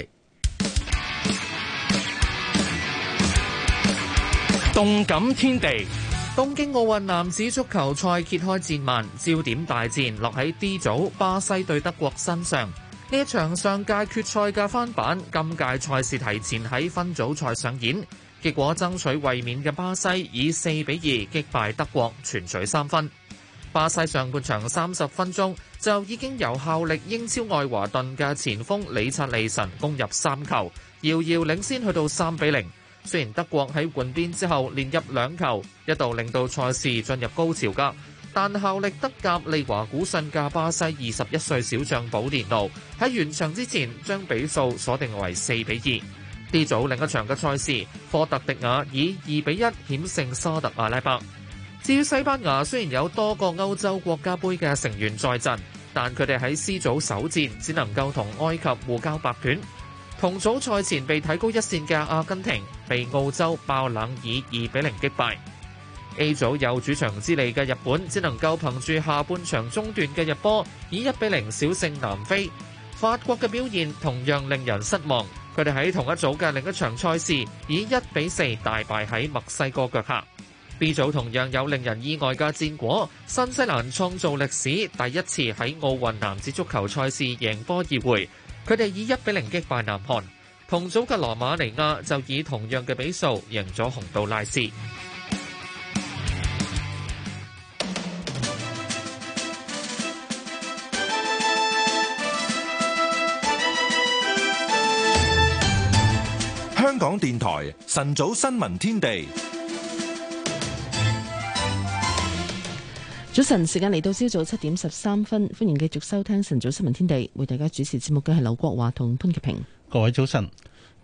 《動感天地》東京奧運男子足球賽揭開戰幕，焦點大戰落喺 D 組巴西對德國身上。呢一場上屆決賽嘅翻版，今屆賽事提前喺分組賽上演。結果爭取衛冕嘅巴西以四比二擊敗德國，全取三分。巴西上半場三十分鐘就已經由效力英超愛華頓嘅前鋒李察利神攻入三球，遙遙領先去到三比零。雖然德國喺換邊之後連入兩球，一度令到賽事進入高潮噶，但效力德甲利華古信嘅巴西二十一歲小將保連奴喺完場之前將比數鎖定為四比二。D 組另一場嘅賽事，科特迪瓦以二比一險勝沙特阿拉伯。至於西班牙，雖然有多個歐洲國家杯嘅成員在陣，但佢哋喺 C 組首戰只能夠同埃及互交白卷。同組賽前被睇高一線嘅阿根廷，被澳洲爆冷以二比零擊敗。A 組有主場之利嘅日本，只能夠憑住下半場中段嘅入波，以一比零小勝南非。法國嘅表現同樣令人失望，佢哋喺同一組嘅另一場賽事，以一比四大敗喺墨西哥腳下。B 組同樣有令人意外嘅戰果，新西蘭創造歷史第一次喺奧運男子足球賽事贏波而回，佢哋以一比零擊敗南韓。同組嘅羅馬尼亞就以同樣嘅比數贏咗洪都拉斯。香港電台晨早新聞天地，早晨時間嚟到朝早七點十三分，歡迎繼續收聽晨早新聞天地。為大家主持節目嘅係劉國華同潘潔平。各位早晨，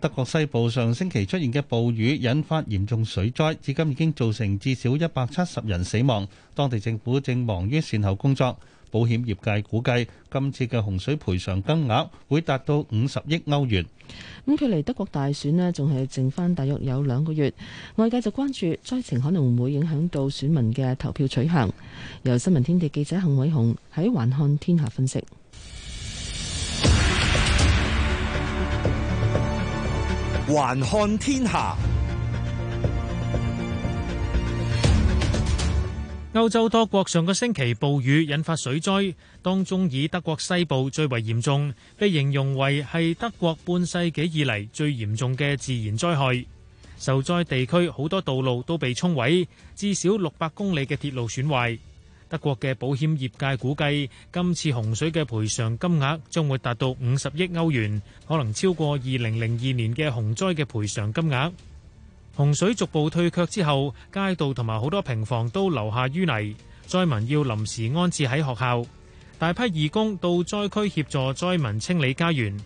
德國西部上星期出現嘅暴雨引發嚴重水災，至今已經造成至少一百七十人死亡。當地政府正忙於善後工作，保險業界估計今次嘅洪水賠償金額會達到五十億歐元。咁距離德國大選呢仲係剩翻大約有兩個月，外界就關注災情可能會影響到選民嘅投票取向。由新聞天地記者幸偉雄喺還看天下分析。環看天下，歐洲多國上個星期暴雨引發水災，當中以德國西部最為嚴重，被形容為係德國半世紀以嚟最嚴重嘅自然災害。受災地區好多道路都被沖毀，至少六百公里嘅鐵路損壞。德國嘅保險業界估計，今次洪水嘅賠償金額將會達到五十億歐元，可能超過二零零二年嘅洪災嘅賠償金額。洪水逐步退卻之後，街道同埋好多平房都留下淤泥，災民要臨時安置喺學校。大批義工到災區協助災民清理家園。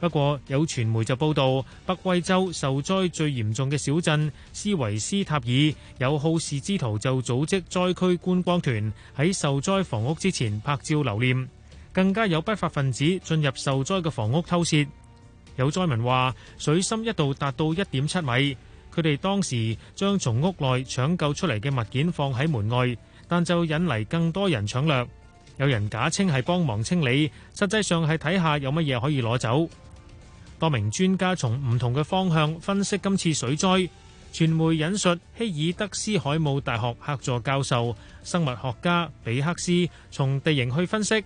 不過有傳媒就報道，北威州受災最嚴重嘅小鎮斯維斯塔爾，有好事之徒就組織災區觀光團喺受災房屋之前拍照留念，更加有不法分子進入受災嘅房屋偷竊。有災民話，水深一度達到一點七米，佢哋當時將從屋內搶救出嚟嘅物件放喺門外，但就引嚟更多人搶掠。有人假稱係幫忙清理，實際上係睇下有乜嘢可以攞走。多名專家從唔同嘅方向分析今次水災。傳媒引述希爾德斯海姆大學客座教授、生物學家比克斯從地形去分析。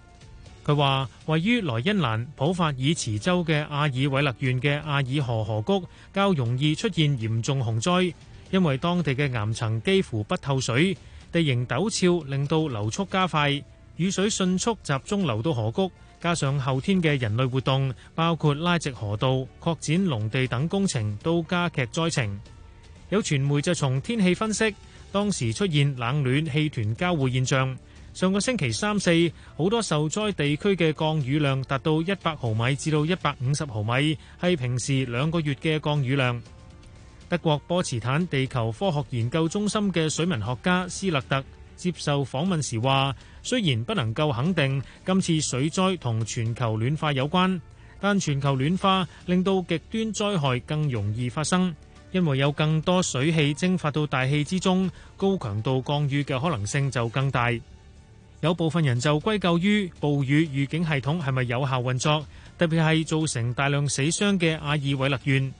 佢話：位於萊茵蘭普法爾茨州嘅阿爾韋勒縣嘅阿爾河河谷較容易出現嚴重洪災，因為當地嘅岩層幾乎不透水，地形陡峭令到流速加快，雨水迅速集中流到河谷。加上後天嘅人類活動，包括拉直河道、擴展農地等工程，都加劇災情。有傳媒就從天氣分析，當時出現冷暖氣團交匯現象。上個星期三四，好多受災地區嘅降雨量達到一百毫米至到一百五十毫米，係平時兩個月嘅降雨量。德國波茨坦地球科學研究中心嘅水文學家施勒特接受訪問時話。雖然不能夠肯定今次水災同全球暖化有關，但全球暖化令到極端災害更容易發生，因為有更多水氣蒸發到大氣之中，高強度降雨嘅可能性就更大。有部分人就歸咎於暴雨預警系統係咪有效運作，特別係造成大量死傷嘅阿爾維勒縣。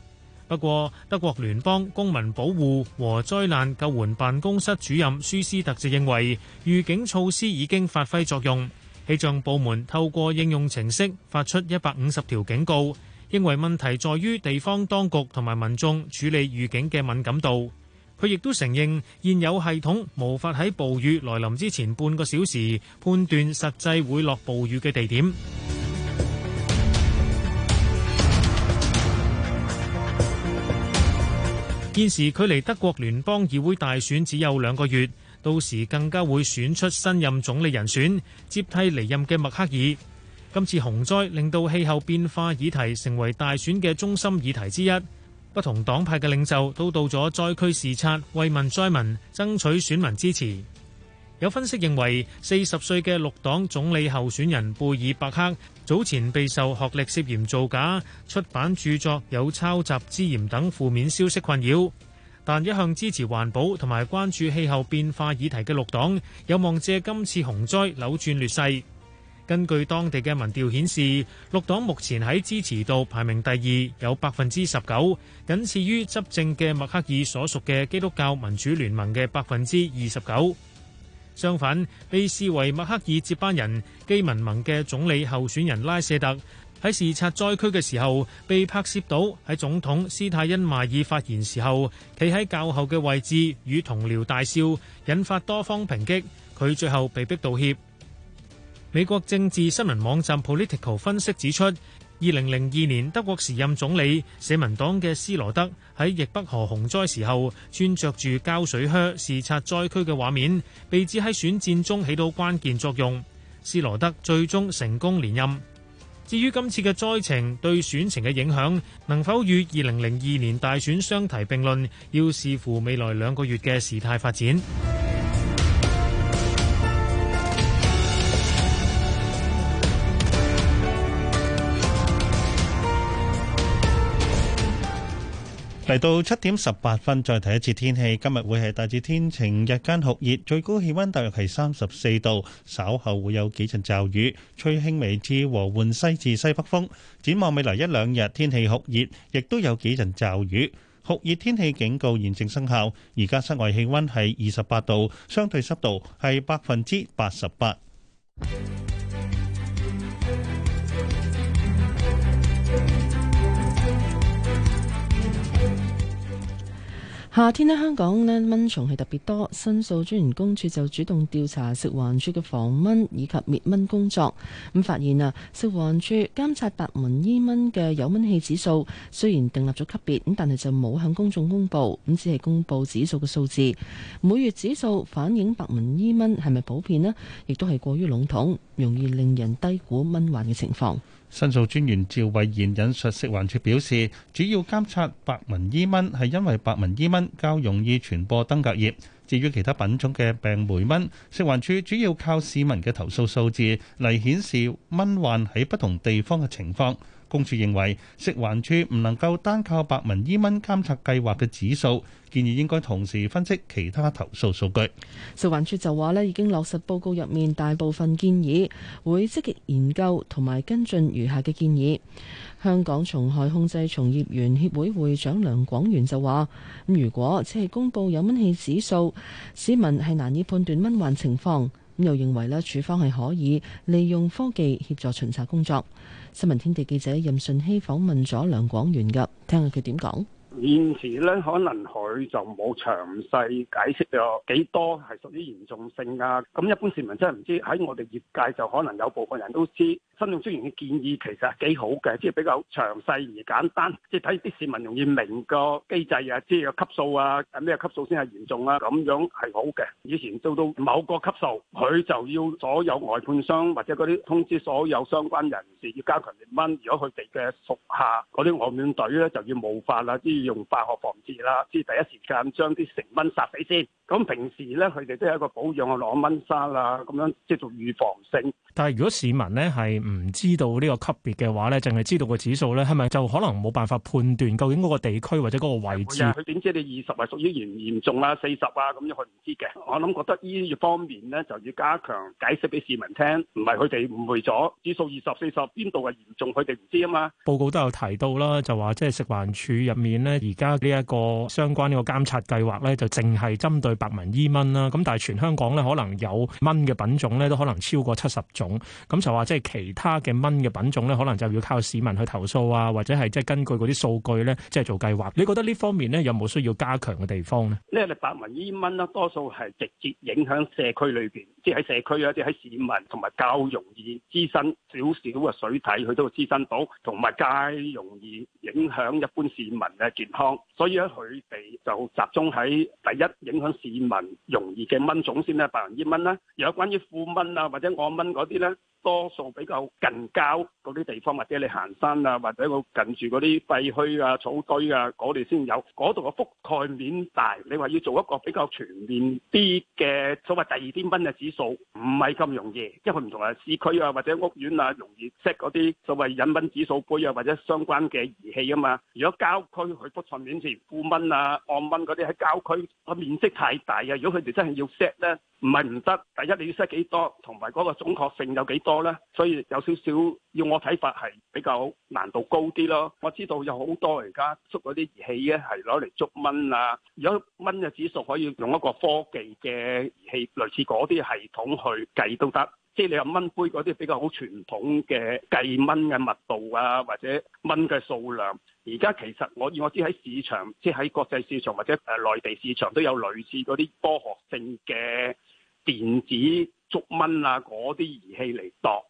不過，德國聯邦公民保護和災難救援辦公室主任舒斯特就認為預警措施已經發揮作用，氣象部門透過應用程式發出一百五十條警告，認為問題在於地方當局同埋民眾處理預警嘅敏感度。佢亦都承認現有系統無法喺暴雨來臨之前半個小時判斷實際會落暴雨嘅地點。現時距離德國聯邦議會大選只有兩個月，到時更加會選出新任總理人選，接替離任嘅默克爾。今次洪災令到氣候變化議題成為大選嘅中心議題之一，不同黨派嘅領袖都到咗災區視察，慰問災民，爭取選民支持。有分析認為，四十歲嘅綠黨總理候選人貝爾伯克早前備受學歷涉嫌造假、出版著作有抄襲之嫌等負面消息困擾，但一向支持環保同埋關注氣候變化議題嘅綠黨，有望借今次洪災扭轉劣勢。根據當地嘅民調顯示，綠黨目前喺支持度排名第二，有百分之十九，僅次於執政嘅默克爾所屬嘅基督教民主聯盟嘅百分之二十九。相反，被視為默克爾接班人基民盟嘅總理候選人拉舍特喺視察災區嘅時候，被拍攝到喺總統斯泰恩馬爾發言時候，企喺較後嘅位置與同僚大笑，引發多方抨擊。佢最後被逼道歉。美國政治新聞網站 Political 分析指出，二零零二年，德國時任總理、社民黨嘅施羅德喺易北河洪災時候穿著住膠水靴視察災區嘅畫面，被指喺選戰中起到關鍵作用。施羅德最終成功連任。至於今次嘅災情對選情嘅影響，能否與二零零二年大選相提並論，要視乎未來兩個月嘅事態發展。嚟到七點十八分，再睇一次天氣。今日會係大致天晴，日間酷熱，最高氣溫大約係三十四度。稍後會有幾陣驟雨，吹輕微至和緩西至西北風。展望未來一兩日，天氣酷熱，亦都有幾陣驟雨。酷熱天氣警告現正生效。而家室外氣溫係二十八度，相對濕度係百分之八十八。夏天呢，香港呢蚊蟲係特別多，申訴專員公署就主動調查食環署嘅防蚊以及滅蚊工作咁，嗯，發現啊食環署監察白紋伊蚊嘅有蚊氣指數雖然訂立咗級別，但係就冇向公眾公布咁，只係公布指數嘅數字。每月指數反映白紋伊蚊係咪普遍呢？亦都係過於籠統，容易令人低估蚊患嘅情況。申訴專員趙慧賢引述食環署表示，主要監察白紋伊蚊，係因為白紋伊蚊較容易傳播登革熱。至於其他品種嘅病媒蚊，食環署主要靠市民嘅投訴數字嚟顯示蚊患喺不同地方嘅情況。公署認為食環處唔能夠單靠白紋伊蚊監察計劃嘅指數，建議應該同時分析其他投訴數據。食環處就話咧，已經落實報告入面大部分建議，會積極研究同埋跟進餘下嘅建議。香港蟲害控制從業員協會會，會長梁廣源就話：咁如果只係公佈有蚊器指數，市民係難以判斷蚊患情況。咁又認為咧，處方係可以利用科技協助巡查工作。新聞天地記者任順熙訪問咗梁廣源噶，聽下佢點講。現時咧，可能佢就冇詳細解釋咗幾多係屬於嚴重性啊，咁一般市民真係唔知。喺我哋業界就可能有部分人都知，申訴專員嘅建議其實幾好嘅，即係比較詳細而簡單，即係睇啲市民容易明個機制啊，即係級數啊，咩級數先係嚴重啊，咁樣係好嘅。以前做到某個級數，佢就要所有外判商或者嗰啲通知所有相關人士要加強滅蚊，如果佢哋嘅屬下嗰啲外面隊咧就要冒法啊啲。用化學防治啦，即係第一時間將啲成蚊殺死先。咁平時咧，佢哋都有一個保養去攞蚊砂啦，咁樣即係做預防性。但係如果市民咧係唔知道呢個級別嘅話咧，淨係知道個指數咧，係咪就可能冇辦法判斷究竟嗰個地區或者嗰個位置？佢點知你二十係屬於嚴嚴重啊，四十啊咁樣，佢唔知嘅。我諗覺得呢方面咧，就要加強解釋俾市民聽，唔係佢哋誤會咗指數二十、四十邊度係嚴重，佢哋唔知啊嘛。報告都有提到啦，就話即係食環署入面咧。而家呢一個相關呢個監察計劃咧，就淨係針對白紋伊蚊啦。咁但係全香港咧，可能有蚊嘅品種咧，都可能超過七十種。咁就話即係其他嘅蚊嘅品種咧，可能就要靠市民去投訴啊，或者係即係根據嗰啲數據咧，即係做計劃。你覺得呢方面咧，有冇需要加強嘅地方呢？呢個白紋伊蚊啦，多數係直接影響社區裏邊，即係喺社區啊，即係喺市民，同埋較容易滋生少少嘅水體，佢都滋生到，同埋皆容易影響一般市民嘅健康，所以咧佢哋就集中喺第一影響市民容易嘅蚊種先咧，白紋伊蚊啦。如果有關於庫蚊啊或者按蚊嗰啲咧。多數比較近郊嗰啲地方，或者你行山啊，或者我近住嗰啲廢墟啊、草堆啊，嗰度先有嗰度嘅覆蓋面大。你話要做一個比較全面啲嘅所謂第二啲蚊嘅指數，唔係咁容易，因為唔同啊，市區啊或者屋苑啊容易 set 嗰啲所謂引蚊指數杯啊或者相關嘅儀器啊嘛。如果郊區去覆蓋面前富蚊啊、按蚊嗰啲喺郊區，個面積太大啊。如果佢哋真係要 set 咧，唔係唔得。第一你要 set 幾多，同埋嗰個準確性有幾多？多咧，所以有少少，要我睇法係比較難度高啲咯。我知道有好多而家捉嗰啲儀器咧，係攞嚟捉蚊啊。如果蚊嘅指數可以用一個科技嘅儀器，類似嗰啲系統去計都得。即係你話蚊杯嗰啲比較好傳統嘅計蚊嘅密度啊，或者蚊嘅數量。而家其實我以我知喺市場，即係喺國際市場或者誒內地市場都有類似嗰啲科學性嘅電子。捉蚊啊，嗰啲儀器嚟度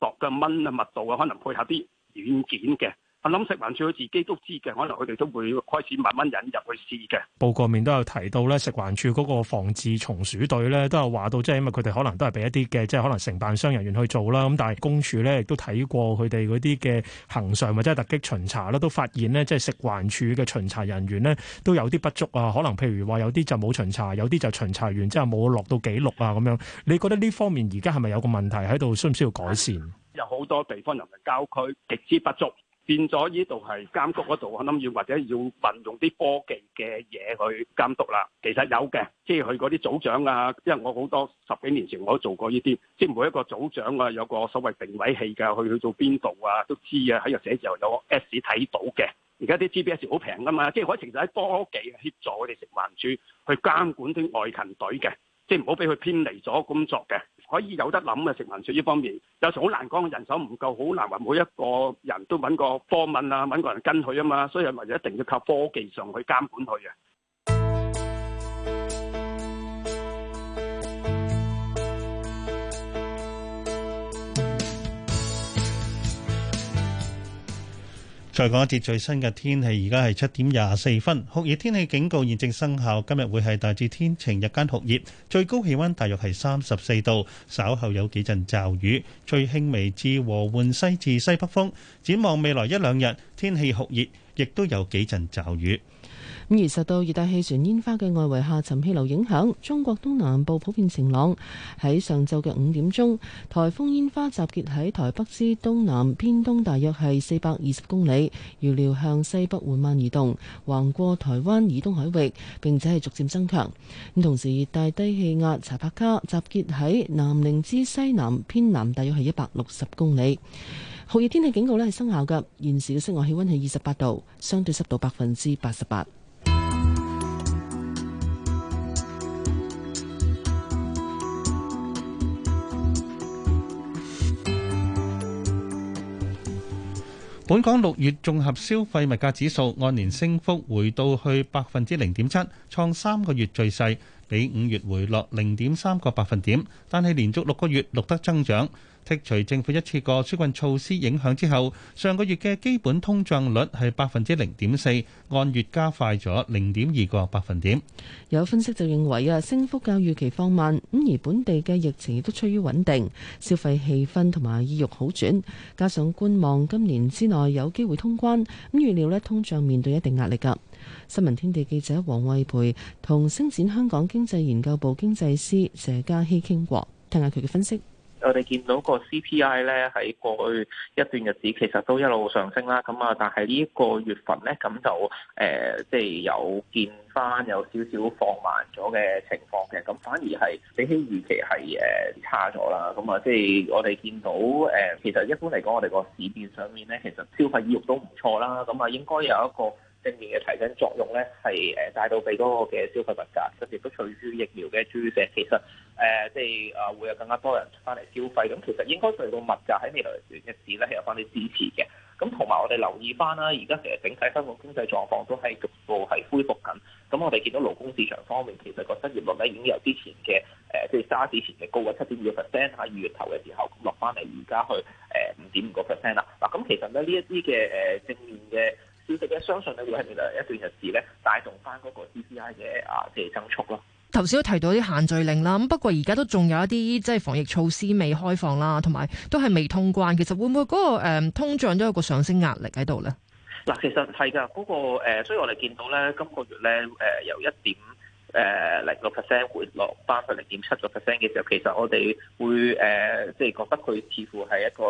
度嘅蚊啊，密度啊，可能配合啲軟件嘅。我諗食環署佢自己都知嘅，可能佢哋都會開始慢慢引入去試嘅。報告面都有提到咧，食環署嗰個防治松鼠隊咧，都有話到，即係因為佢哋可能都係俾一啲嘅，即係可能承辦商人員去做啦。咁但係公署咧，亦都睇過佢哋嗰啲嘅恆常，或者係突擊巡查啦，都發現呢，即係食環署嘅巡查人員呢，都有啲不足啊。可能譬如話有啲就冇巡查，有啲就巡查完即係冇落到記錄啊咁樣。你覺得呢方面而家係咪有個問題喺度，需唔需要改善？有好多地方尤其郊區極之不足。變咗呢度係監督嗰度，我諗要或者要運用啲科技嘅嘢去監督啦。其實有嘅，即係佢嗰啲組長啊，因為我好多十幾年前我都做過呢啲，即係每一個組長啊有個所謂定位器嘅，去去做邊度啊都知啊，喺日寫時候有個 S 睇到嘅。而家啲 GPS 好平㗎嘛，即係可以其實喺科技協助我哋食環處去監管啲外勤隊嘅，即係唔好俾佢偏離咗工作嘅。可以有得諗嘅。食品安全呢方面，有時好難講，人手唔夠，好難話每一個人都揾個科問啊，揾個人跟佢啊嘛，所以係咪一定要靠科技上去監管佢嘅？再講一節最新嘅天氣，而家係七點廿四分，酷熱天氣警告現正生效。今日會係大致天晴，日間酷熱，最高氣溫大約係三十四度，稍後有幾陣驟雨，吹輕微至和緩西至西北風。展望未來一兩日，天氣酷熱，亦都有幾陣驟雨。咁而受到熱帶氣旋煙花嘅外圍下沉氣流影響，中國東南部普遍晴朗。喺上晝嘅五點鐘，颱風煙花集結喺台北之東南偏東，大約係四百二十公里，預料向西北緩慢移動，橫過台灣以東海域，並且係逐漸增強。咁同時，熱帶低氣壓查帕卡集結喺南寧之西南偏南，大約係一百六十公里。酷熱天氣警告咧係生效嘅。現時嘅室外氣溫係二十八度，相對濕度百分之八十八。本港六月綜合消費物價指數按年升幅回到去百分之零點七，創三個月最細。比五月回落零點三個百分點，但係連續六個月錄得增長。剔除政府一次過輸運措施影響之後，上個月嘅基本通脹率係百分之零點四，按月加快咗零點二個百分點。有分析就認為啊，升幅較預期放慢，咁而本地嘅疫情亦都趨於穩定，消費氣氛同埋意欲好轉，加上觀望今年之內有機會通關，咁預料咧通脹面對一定壓力㗎。新聞天地記者黃慧培同星展香港經濟研究部經濟師謝嘉希傾過，聽下佢嘅分析。我哋見到個 CPI 咧喺過去一段日子其實都一路上升啦，咁 啊樂，但係呢個月份咧咁就誒，即係有見翻有少少放慢咗嘅情況嘅，咁反而係比起預期係誒差咗啦。咁啊，即係我哋見到誒，其實一般嚟講，我哋個市面上面咧，其實消費意欲都唔錯啦，咁啊，應該有一個。正面嘅提升作用咧，係誒帶到俾嗰個嘅消費物價，尤其都取於疫苗嘅注射。其實誒，即係啊，會有更加多人出翻嚟消費。咁其實應該對個物價喺未來一段日子咧，係有翻啲支持嘅。咁同埋我哋留意翻啦，而家其實整體香港經濟狀況都係逐步係恢復緊。咁我哋見到勞工市場方面，其實個失業率咧已經由之前嘅誒即係沙士前嘅高嘅七點二個 percent 喺二月頭嘅時候落翻嚟，而家去誒五點五個 percent 啦。嗱、呃、咁其實咧呢一啲嘅誒正面嘅。相信咧會喺一段日子咧，帶動翻嗰個 CPI 嘅啊即係增速咯。頭先都提到啲限聚令啦，咁不過而家都仲有一啲即係防疫措施未開放啦，同埋都係未通關。其實會唔會嗰、嗰個、嗯、通脹都有個上升壓力喺度咧？嗱，其實係噶嗰個，所以我哋見到咧，今個月咧誒、呃、由一點誒零六 percent 回落翻去零點七個 percent 嘅時候，其實我哋會誒、呃、即係覺得佢似乎係一個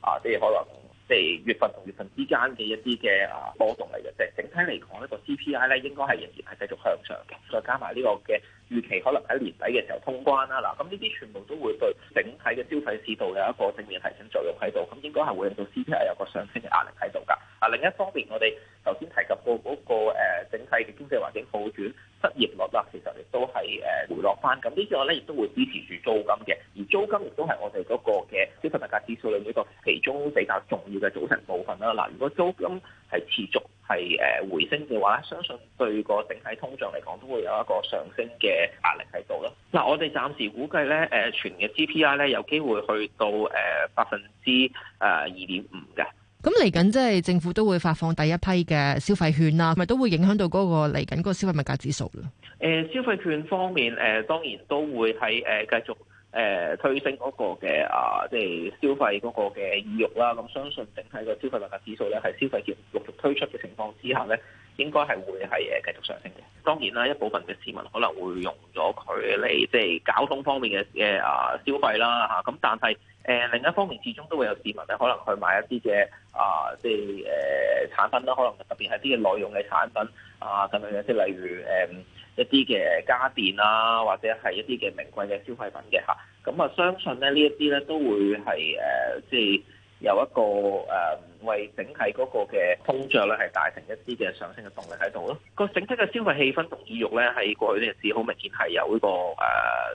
啊，即係可能。係月份同月份之間嘅一啲嘅啊波動嚟嘅即係，整體嚟講，呢個 CPI 咧應該係仍然係繼續向上嘅，再加埋呢個嘅預期，可能喺年底嘅時候通關啦。嗱，咁呢啲全部都會對整體嘅消費市道有一個正面提升作用喺度，咁應該係會令到 CPI 有個上升嘅壓力喺度㗎。啊，另一方面，我哋頭先提及過嗰個誒整體嘅經濟環境好轉。失業率啦，其實亦都係誒回落翻，咁呢個我咧亦都會支持住租金嘅，而租金亦都係我哋嗰個嘅消費物價指數裏面一個其中比較重要嘅組成部分啦。嗱，如果租金係持續係誒回升嘅話，相信對個整體通脹嚟講都會有一個上升嘅壓力喺度咯。嗱，我哋暫時估計咧，誒全嘅 GPI 咧有機會去到誒百分之誒二點五嘅。呃咁嚟緊，即係政府都會發放第一批嘅消費券啦，咪都會影響到嗰個嚟緊嗰個消費物價指數啦。誒、呃，消費券方面，誒、呃、當然都會喺誒、呃、繼續誒、呃、推升嗰個嘅啊，即係消費嗰個嘅意欲啦。咁、啊、相信整體個消費物價指數咧，喺消費券陸續推出嘅情況之下咧。嗯嗯應該係會係誒繼續上升嘅。當然啦，一部分嘅市民可能會用咗佢嚟即係交通方面嘅嘅啊消費啦嚇。咁但係誒、呃、另一方面，始終都會有市民咧可能去買一啲嘅啊即係誒、呃、產品啦。可能特別係啲嘅耐用嘅產品啊，係咪啊？即係例如誒、呃、一啲嘅家電啦，或者係一啲嘅名貴嘅消費品嘅嚇。咁啊、嗯，相信咧呢一啲咧都會係誒、呃、即係有一個誒。呃為整體嗰個嘅通脹咧，係帶成一啲嘅上升嘅動力喺度咯。個整體嘅消費氣氛同意欲咧，喺過去呢日子好明顯係有呢個誒、呃，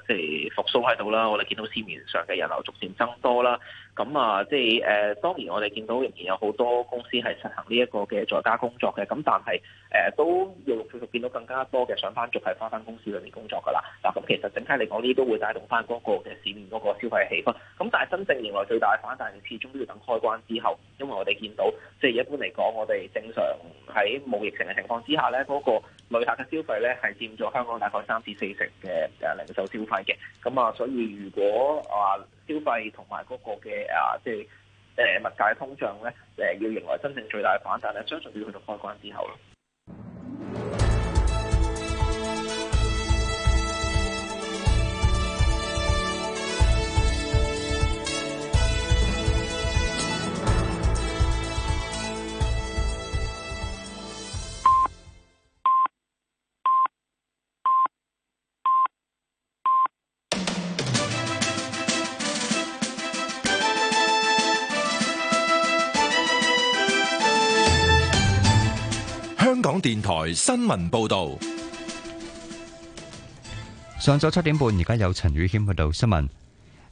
即係復甦喺度啦。我哋見到市面上嘅人流逐漸增多啦。咁啊，即係誒、呃，當然我哋見到仍然有好多公司係實行呢一個嘅在家工作嘅。咁但係誒、呃，都要陸陸續續見到更加多嘅上班族係翻翻公司裏面工作噶啦。嗱，咁其實整體嚟講，呢都會帶動翻嗰個嘅市面嗰個消費氣氛。咁但係真正原來最大反彈，始終都要等開關之後，因為我哋。見到，即係一般嚟講，我哋正常喺冇疫情嘅情況之下咧，嗰個旅客嘅消費咧係佔咗香港大概三至四成嘅誒零售消費嘅。咁啊，所以如果話消費同埋嗰個嘅啊，即係誒物價通脹咧，誒要迎來真正最大嘅反彈咧，相信要去到開關之後咯。電台新聞報道：上晝七點半，而家有陳宇謙報道新聞。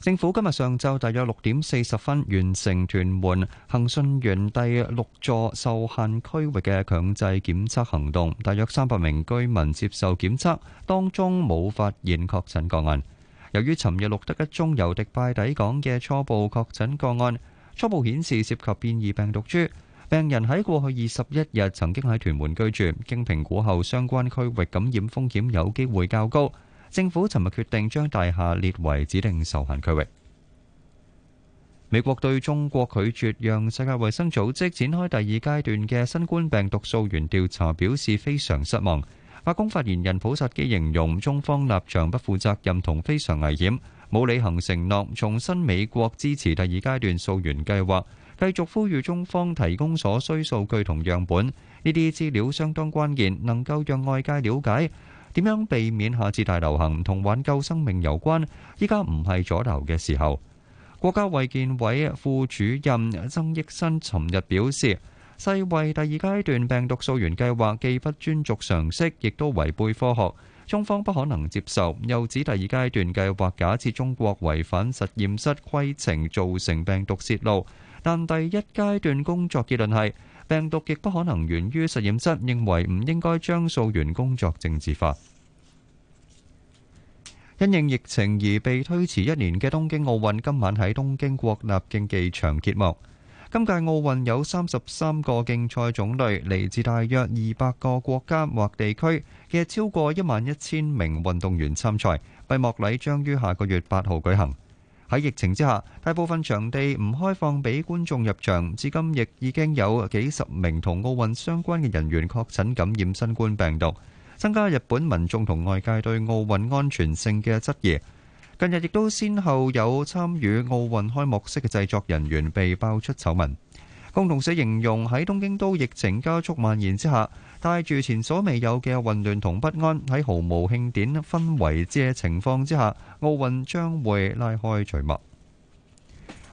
政府今日上晝大約六點四十分完成屯門恒順園第六座受限區域嘅強制檢測行動，大約三百名居民接受檢測，當中冇發現確診個案。由於尋日錄得一宗由迪拜抵港嘅初步確診個案，初步顯示涉及變異病毒株。病人喺過去二十一日曾經喺屯門居住，經評估後相關區域感染風險有機會較高，政府尋日決定將大廈列為指定受限區域。美國對中國拒絕讓世界衛生組織展開第二階段嘅新冠病毒溯源調查表示非常失望。白宮發言人普薩基形容中方立場不負責任同非常危險，冇履行承諾，重申美國支持第二階段溯源計劃。繼續呼籲中方提供所需數據同樣本，呢啲資料相當關鍵，能夠讓外界瞭解點樣避免下次大流行，同挽救生命有關。依家唔係阻留嘅時候。國家衛健委副主任曾益新尋日表示，世衛第二階段病毒溯源計劃既不尊重常識，亦都違背科學，中方不可能接受。又指第二階段計劃假設中國違反實驗室規程，造成病毒泄露。但第一階段工作結論係，病毒亦不可能源於實驗室，認為唔應該將溯源工作政治化。因應疫情而被推遲一年嘅東京奧運，今晚喺東京國立競技場揭幕。今屆奧運有三十三個競賽種類，嚟自大約二百個國家或地區嘅超過一萬一千名運動員參賽。閉幕禮將於下個月八號舉行。喺疫情之下，大部分場地唔開放俾觀眾入場，至今亦已經有幾十名同奧運相關嘅人員確診感染新冠病毒，增加日本民眾同外界對奧運安全性嘅質疑。近日亦都先後有參與奧運開幕式嘅製作人員被爆出醜聞。共同社形容，喺東京都疫情加速蔓延之下，帶住前所未有嘅混亂同不安，喺毫無慶典氛圍之情況之下，奧運將會拉開序幕。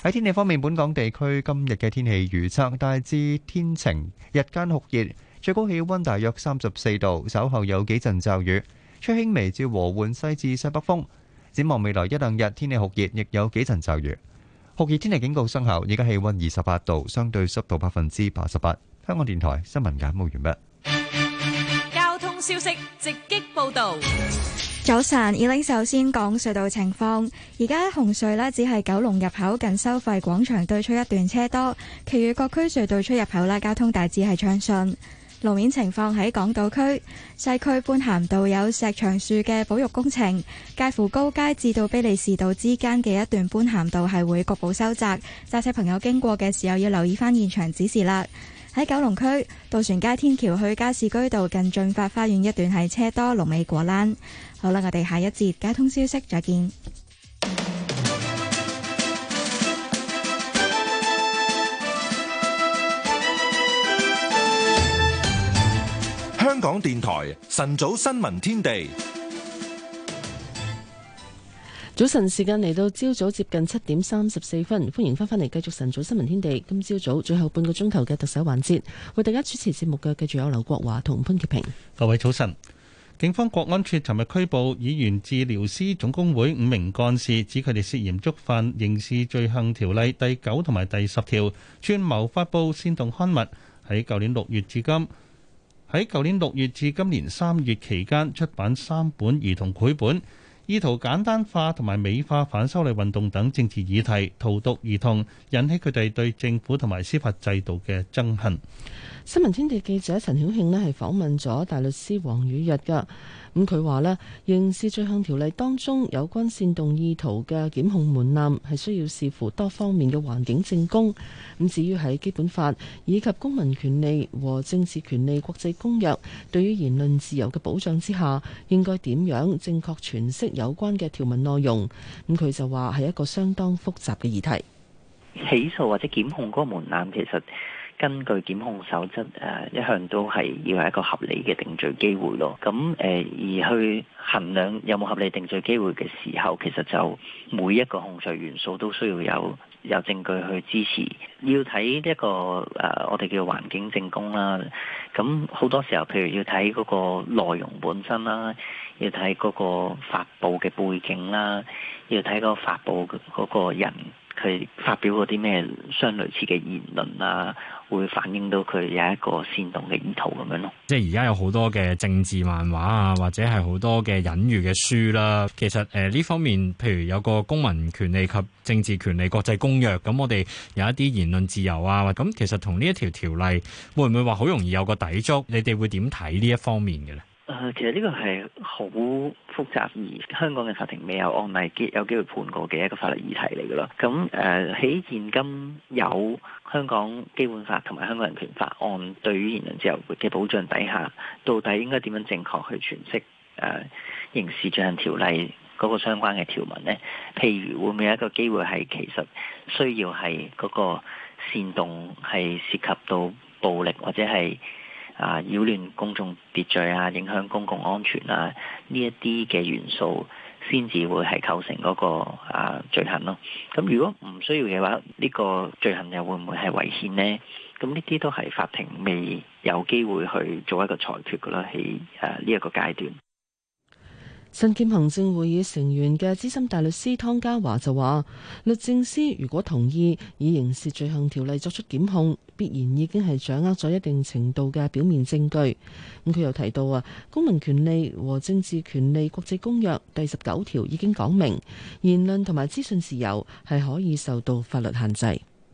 喺天氣方面，本港地區今日嘅天氣預測大致天晴，日間酷熱，最高氣溫大約三十四度，稍後有幾陣驟雨，吹輕微至和緩西至西北風。展望未來一兩日，天氣酷熱，亦有幾陣驟雨，酷熱天氣警告生效。而家氣溫二十八度，相對濕度百分之八十八。香港電台新聞簡報完畢。消息直擊報道。早晨，Eileen 首先講隧道情況。而家紅隧咧，只係九龍入口近收費廣場對出一段車多，其餘各區隧道出入口咧交通大致係暢順。路面情況，喺港島區西區般咸道有石牆樹嘅保育工程，介乎高街至到卑利士道之間嘅一段般咸道係會局部收窄，揸車朋友經過嘅時候，要留意翻現場指示啦。喺九龍區渡船街天橋去加士居道近駿發花園一段係車多龍尾果欄。好啦，我哋下一節交通消息再見。香港電台晨早新聞天地。早晨時間嚟到，朝早接近七點三十四分，歡迎翻返嚟繼續晨早新聞天地。今朝早，早最後半個鐘頭嘅特首環節，為大家主持節目嘅嘅繼續有劉國華同潘潔平。各位早晨，警方國安處尋日拘捕議員治療師總工會五名幹事，指佢哋涉嫌觸犯刑事罪行條例第九同埋第十條，串謀發布煽動刊物。喺舊年六月至今，喺舊年六月至今年三月期間出版三本兒童繪本。意圖簡單化同埋美化反修例運動等政治議題，荼毒兒童，引起佢哋對政府同埋司法制度嘅憎恨。新聞天地記者陳曉慶呢係訪問咗大律師黃宇日㗎。咁佢話呢刑事罪行條例當中有關煽動意圖嘅檢控門檻係需要視乎多方面嘅環境證供。咁至於喺基本法以及公民權利和政治權利國際公約對於言論自由嘅保障之下，應該點樣正確詮釋有關嘅條文內容？咁佢就話係一個相當複雜嘅議題。起訴或者檢控嗰個門檻其實，根據檢控守則，誒一向都係要係一個合理嘅定罪機會咯。咁誒，而去衡量有冇合理定罪機會嘅時候，其實就每一個控罪元素都需要有有證據去支持。要睇一個誒、呃、我哋叫環境正當環境證供啦。咁好多時候，譬如要睇嗰個內容本身啦，要睇嗰個發布嘅背景啦，要睇嗰個發布嗰個人佢發表過啲咩相類似嘅言論啦。會反映到佢有一個煽動嘅意圖咁樣咯，即係而家有好多嘅政治漫畫啊，或者係好多嘅隱喻嘅書啦。其實誒呢、呃、方面，譬如有個公民權利及政治權利國際公約，咁我哋有一啲言論自由啊，咁其實同呢一條條例會唔會話好容易有個抵觸？你哋會點睇呢一方面嘅咧？誒、呃，其實呢個係好複雜，而香港嘅法庭未有案例機有機會判過嘅一個法律議題嚟嘅啦。咁、呃、誒，喺現今有香港基本法同埋香港人權法案對於言論自由嘅保障底下，到底應該點樣正確去詮釋誒、呃、刑事罪行條例嗰個相關嘅條文呢？譬如會唔會有一個機會係其實需要係嗰個煽動係涉及到暴力或者係？啊！擾亂公眾秩序啊，影響公共安全啊，呢一啲嘅元素先至會係構成嗰個啊罪行咯。咁如果唔需要嘅話，呢個罪行又會唔會係違憲呢？咁呢啲都係法庭未有機會去做一個裁決噶啦，喺誒呢一個階段。身兼行政會議成員嘅資深大律師湯家驊就話：律政司如果同意以刑事罪行條例作出檢控，必然已經係掌握咗一定程度嘅表面證據。咁、嗯、佢又提到啊，《公民權利和政治權利國際公約》第十九條已經講明，言論同埋資訊自由係可以受到法律限制。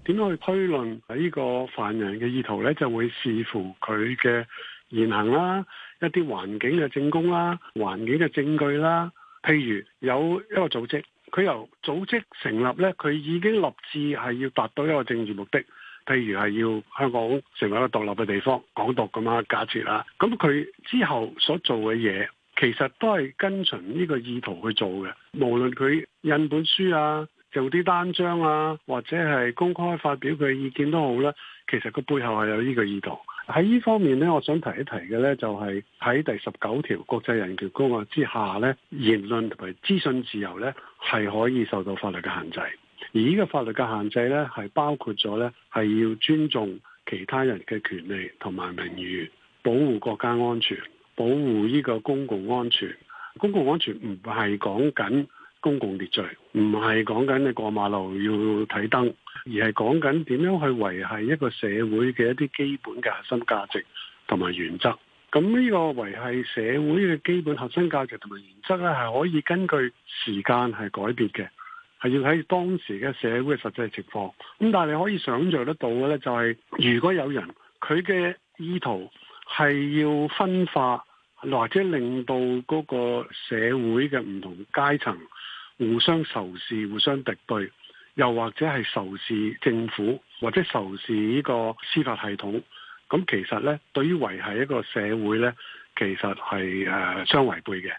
點去推論喺呢個犯人嘅意圖呢？就會視乎佢嘅言行啦、啊。一啲環境嘅證供啦，環境嘅證據啦，譬如有一個組織，佢由組織成立呢，佢已經立志係要達到一個政治目的，譬如係要香港成為一個獨立嘅地方，港獨咁樣，假設啊，咁佢之後所做嘅嘢，其實都係跟循呢個意圖去做嘅，無論佢印本書啊，做啲單張啊，或者係公開發表佢嘅意見都好啦，其實佢背後係有呢個意圖。喺呢方面咧，我想提一提嘅咧，就係喺第十九條國際人權公約之下咧，言論同埋資訊自由咧，係可以受到法律嘅限制。而呢個法律嘅限制咧，係包括咗咧，係要尊重其他人嘅權利同埋名譽，保護國家安全，保護呢個公共安全。公共安全唔係講緊。公共秩序唔係講緊你過馬路要睇燈，而係講緊點樣去維繫一個社會嘅一啲基本嘅核心價值同埋原則。咁呢個維繫社會嘅基本核心價值同埋原則咧，係可以根據時間係改變嘅，係要睇當時嘅社會嘅實際情況。咁但係你可以想象得到嘅咧、就係，就係如果有人佢嘅意圖係要分化或者令到嗰個社會嘅唔同階層。互相仇視、互相敵對，又或者係仇視政府，或者仇視呢個司法系統，咁其實呢，對於維係一個社會呢，其實係誒、呃、相違背嘅。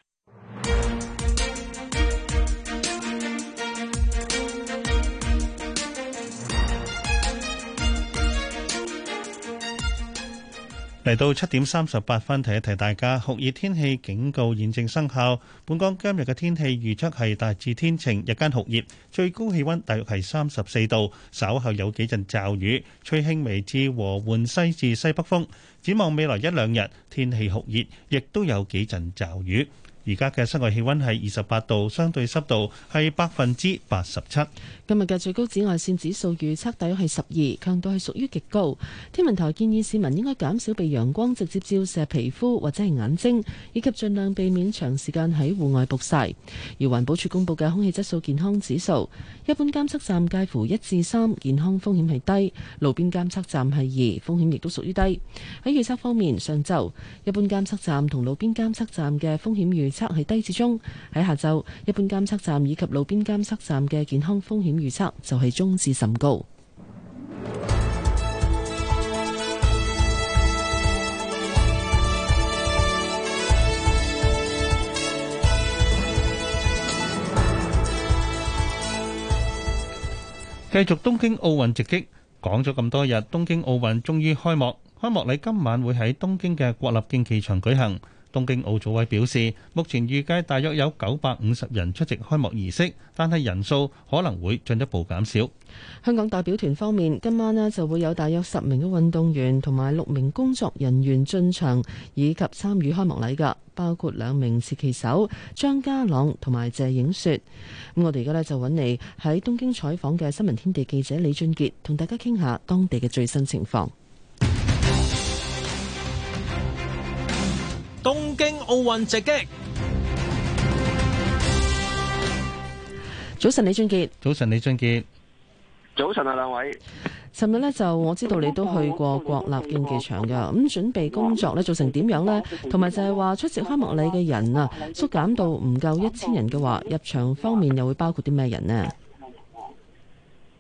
嚟到七點三十八分，提一提大家，酷熱天氣警告現正生效。本港今日嘅天氣預測係大致天晴，日間酷熱，最高氣溫大約係三十四度，稍後有幾陣驟雨，吹輕微至和緩西至西北風。展望未來一兩日，天氣酷熱，亦都有幾陣驟雨。而家嘅室外氣溫係二十八度，相對濕度係百分之八十七。今日嘅最高紫外線指數預測大約係十二，強度係屬於極高。天文台建議市民應該減少被陽光直接照射皮膚或者係眼睛，以及盡量避免長時間喺戶外曝曬。而環保署公布嘅空氣質素健康指數，一般監測站介乎一至三，健康風險係低；路邊監測站係二，風險亦都屬於低。喺預測方面，上晝一般監測站同路邊監測站嘅風險預測係低至中，喺下晝一般監測站以及路邊監測站嘅健康風險預測就係中至甚高。繼續東京奧運直擊，講咗咁多日，東京奧運終於開幕，開幕禮今晚會喺東京嘅國立競技場舉行。東京奧組委表示，目前預計大約有九百五十人出席開幕儀式，但係人數可能會進一步減少。香港代表團方面，今晚咧就會有大約十名嘅運動員同埋六名工作人員進場以及參與開幕禮噶，包括兩名持旗手張家朗同埋謝影雪。咁我哋而家咧就揾嚟喺東京採訪嘅新聞天地記者李俊傑，同大家傾下當地嘅最新情況。東京奧運直擊，早晨李俊杰，早晨李俊杰，早晨啊兩位，尋日呢，就我知道你都去過國立競技場噶，咁準備工作呢，做成點樣呢？同埋就係話出席開幕禮嘅人啊，縮減到唔夠一千人嘅話，入場方面又會包括啲咩人呢？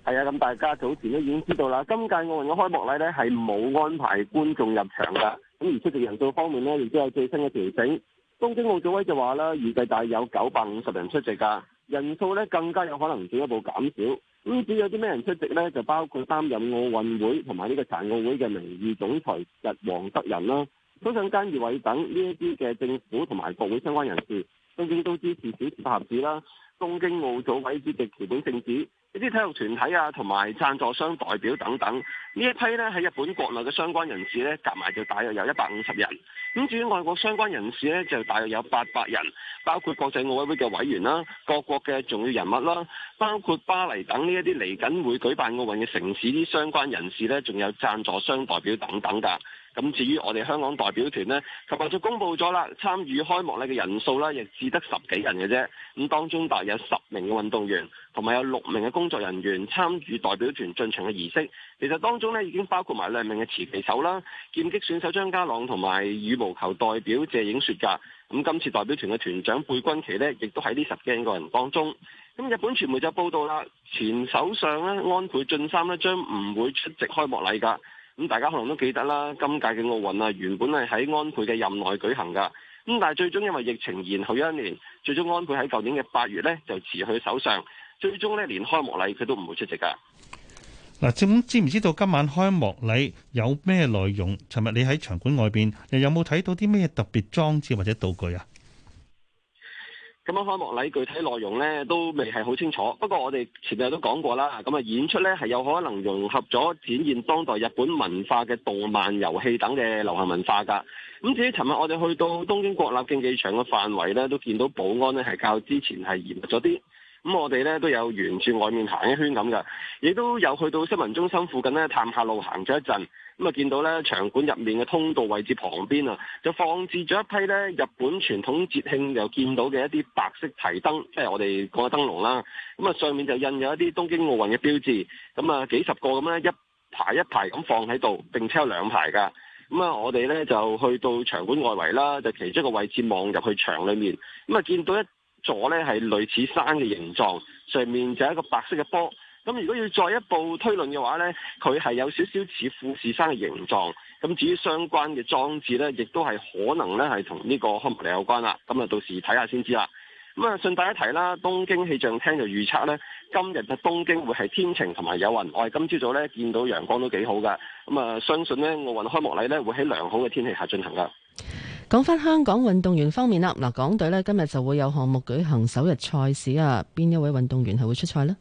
係啊，咁大家早前都已經知道啦，今屆奧運嘅開幕禮呢，係冇安排觀眾入場噶。咁而出席人數方面呢，亦都有最新嘅調整。東京奧組委就話啦，預計大有九百五十人出席㗎，人數呢更加有可能進一步減少。咁至於有啲咩人出席呢？就包括擔任奧運會同埋呢個殘奧會嘅名譽總裁日皇德仁啦，首相菅義偉等呢一啲嘅政府同埋國會相關人士，東京都知事小池百合子啦。東京奧組委主席橋本聖子，一啲體育團體啊，同埋贊助商代表等等，呢一批呢，喺日本國內嘅相關人士呢，夾埋就大約有一百五十人。咁至於外國相關人士呢，就大約有八百人，包括國際奧委會嘅委員啦，各國嘅重要人物啦，包括巴黎等呢一啲嚟緊會舉辦奧運嘅城市啲相關人士呢，仲有贊助商代表等等㗎。咁至於我哋香港代表團呢，琴日就公布咗啦，參與開幕禮嘅人數啦，亦只得十幾人嘅啫。咁當中大約十名嘅運動員，同埋有六名嘅工作人員參與代表團進場嘅儀式。其實當中呢，已經包括埋兩名嘅持旗手啦，劍擊選手張家朗同埋羽毛球代表謝影雪㗎。咁今次代表團嘅團長貝君琪呢，亦都喺呢十幾個人當中。咁日本傳媒就報道啦，前首相呢，安倍晉三呢，將唔會出席開幕禮㗎。咁大家可能都記得啦，今屆嘅奧運啊，原本係喺安倍嘅任內舉行㗎，咁但係最終因為疫情延後一年，最終安倍喺舊年嘅八月呢就辭去首相，最終呢，連開幕禮佢都唔會出席㗎。嗱，咁知唔知道今晚開幕禮有咩內容？尋日你喺場館外邊又有冇睇到啲咩特別裝置或者道具啊？咁，晚開幕禮具體內容呢都未係好清楚，不過我哋前日都講過啦，咁啊演出呢係有可能融合咗展現當代日本文化嘅動漫、遊戲等嘅流行文化㗎。咁至於尋日我哋去到東京國立競技場嘅範圍呢，都見到保安呢係較之前係嚴密咗啲。咁、嗯、我哋咧都有沿住外面行一圈咁噶，亦都有去到新聞中心附近咧探下路，行咗一陣。咁、嗯、啊見到咧場館入面嘅通道位置旁邊啊，就放置咗一批咧日本傳統節慶又見到嘅一啲白色提燈，即係我哋講嘅燈籠啦。咁、嗯、啊上面就印有一啲東京奧運嘅標誌，咁、嗯、啊幾十個咁咧一排一排咁放喺度，並且有兩排噶。咁、嗯、啊我哋咧就去到場館外圍啦，就其中一個位置望入去場裡面，咁、嗯、啊見到一。左咧係類似山嘅形狀，上面就係一個白色嘅波。咁如果要再一步推論嘅話呢，佢係有少少似富士山嘅形狀。咁至於相關嘅裝置呢，亦都係可能呢係同呢個開幕禮有關啦。咁啊，到時睇下先知啦。咁啊，順帶一提啦，東京氣象廳就預測呢今日嘅東京會係天晴同埋有雲。我哋今朝早呢見到陽光都幾好噶。咁啊，相信呢奧運開幕禮呢會喺良好嘅天氣下進行噶。講返香港運動員方面啦，嗱，港隊呢，今日就會有項目舉行首日賽事啊，邊一位運動員係會出賽呢？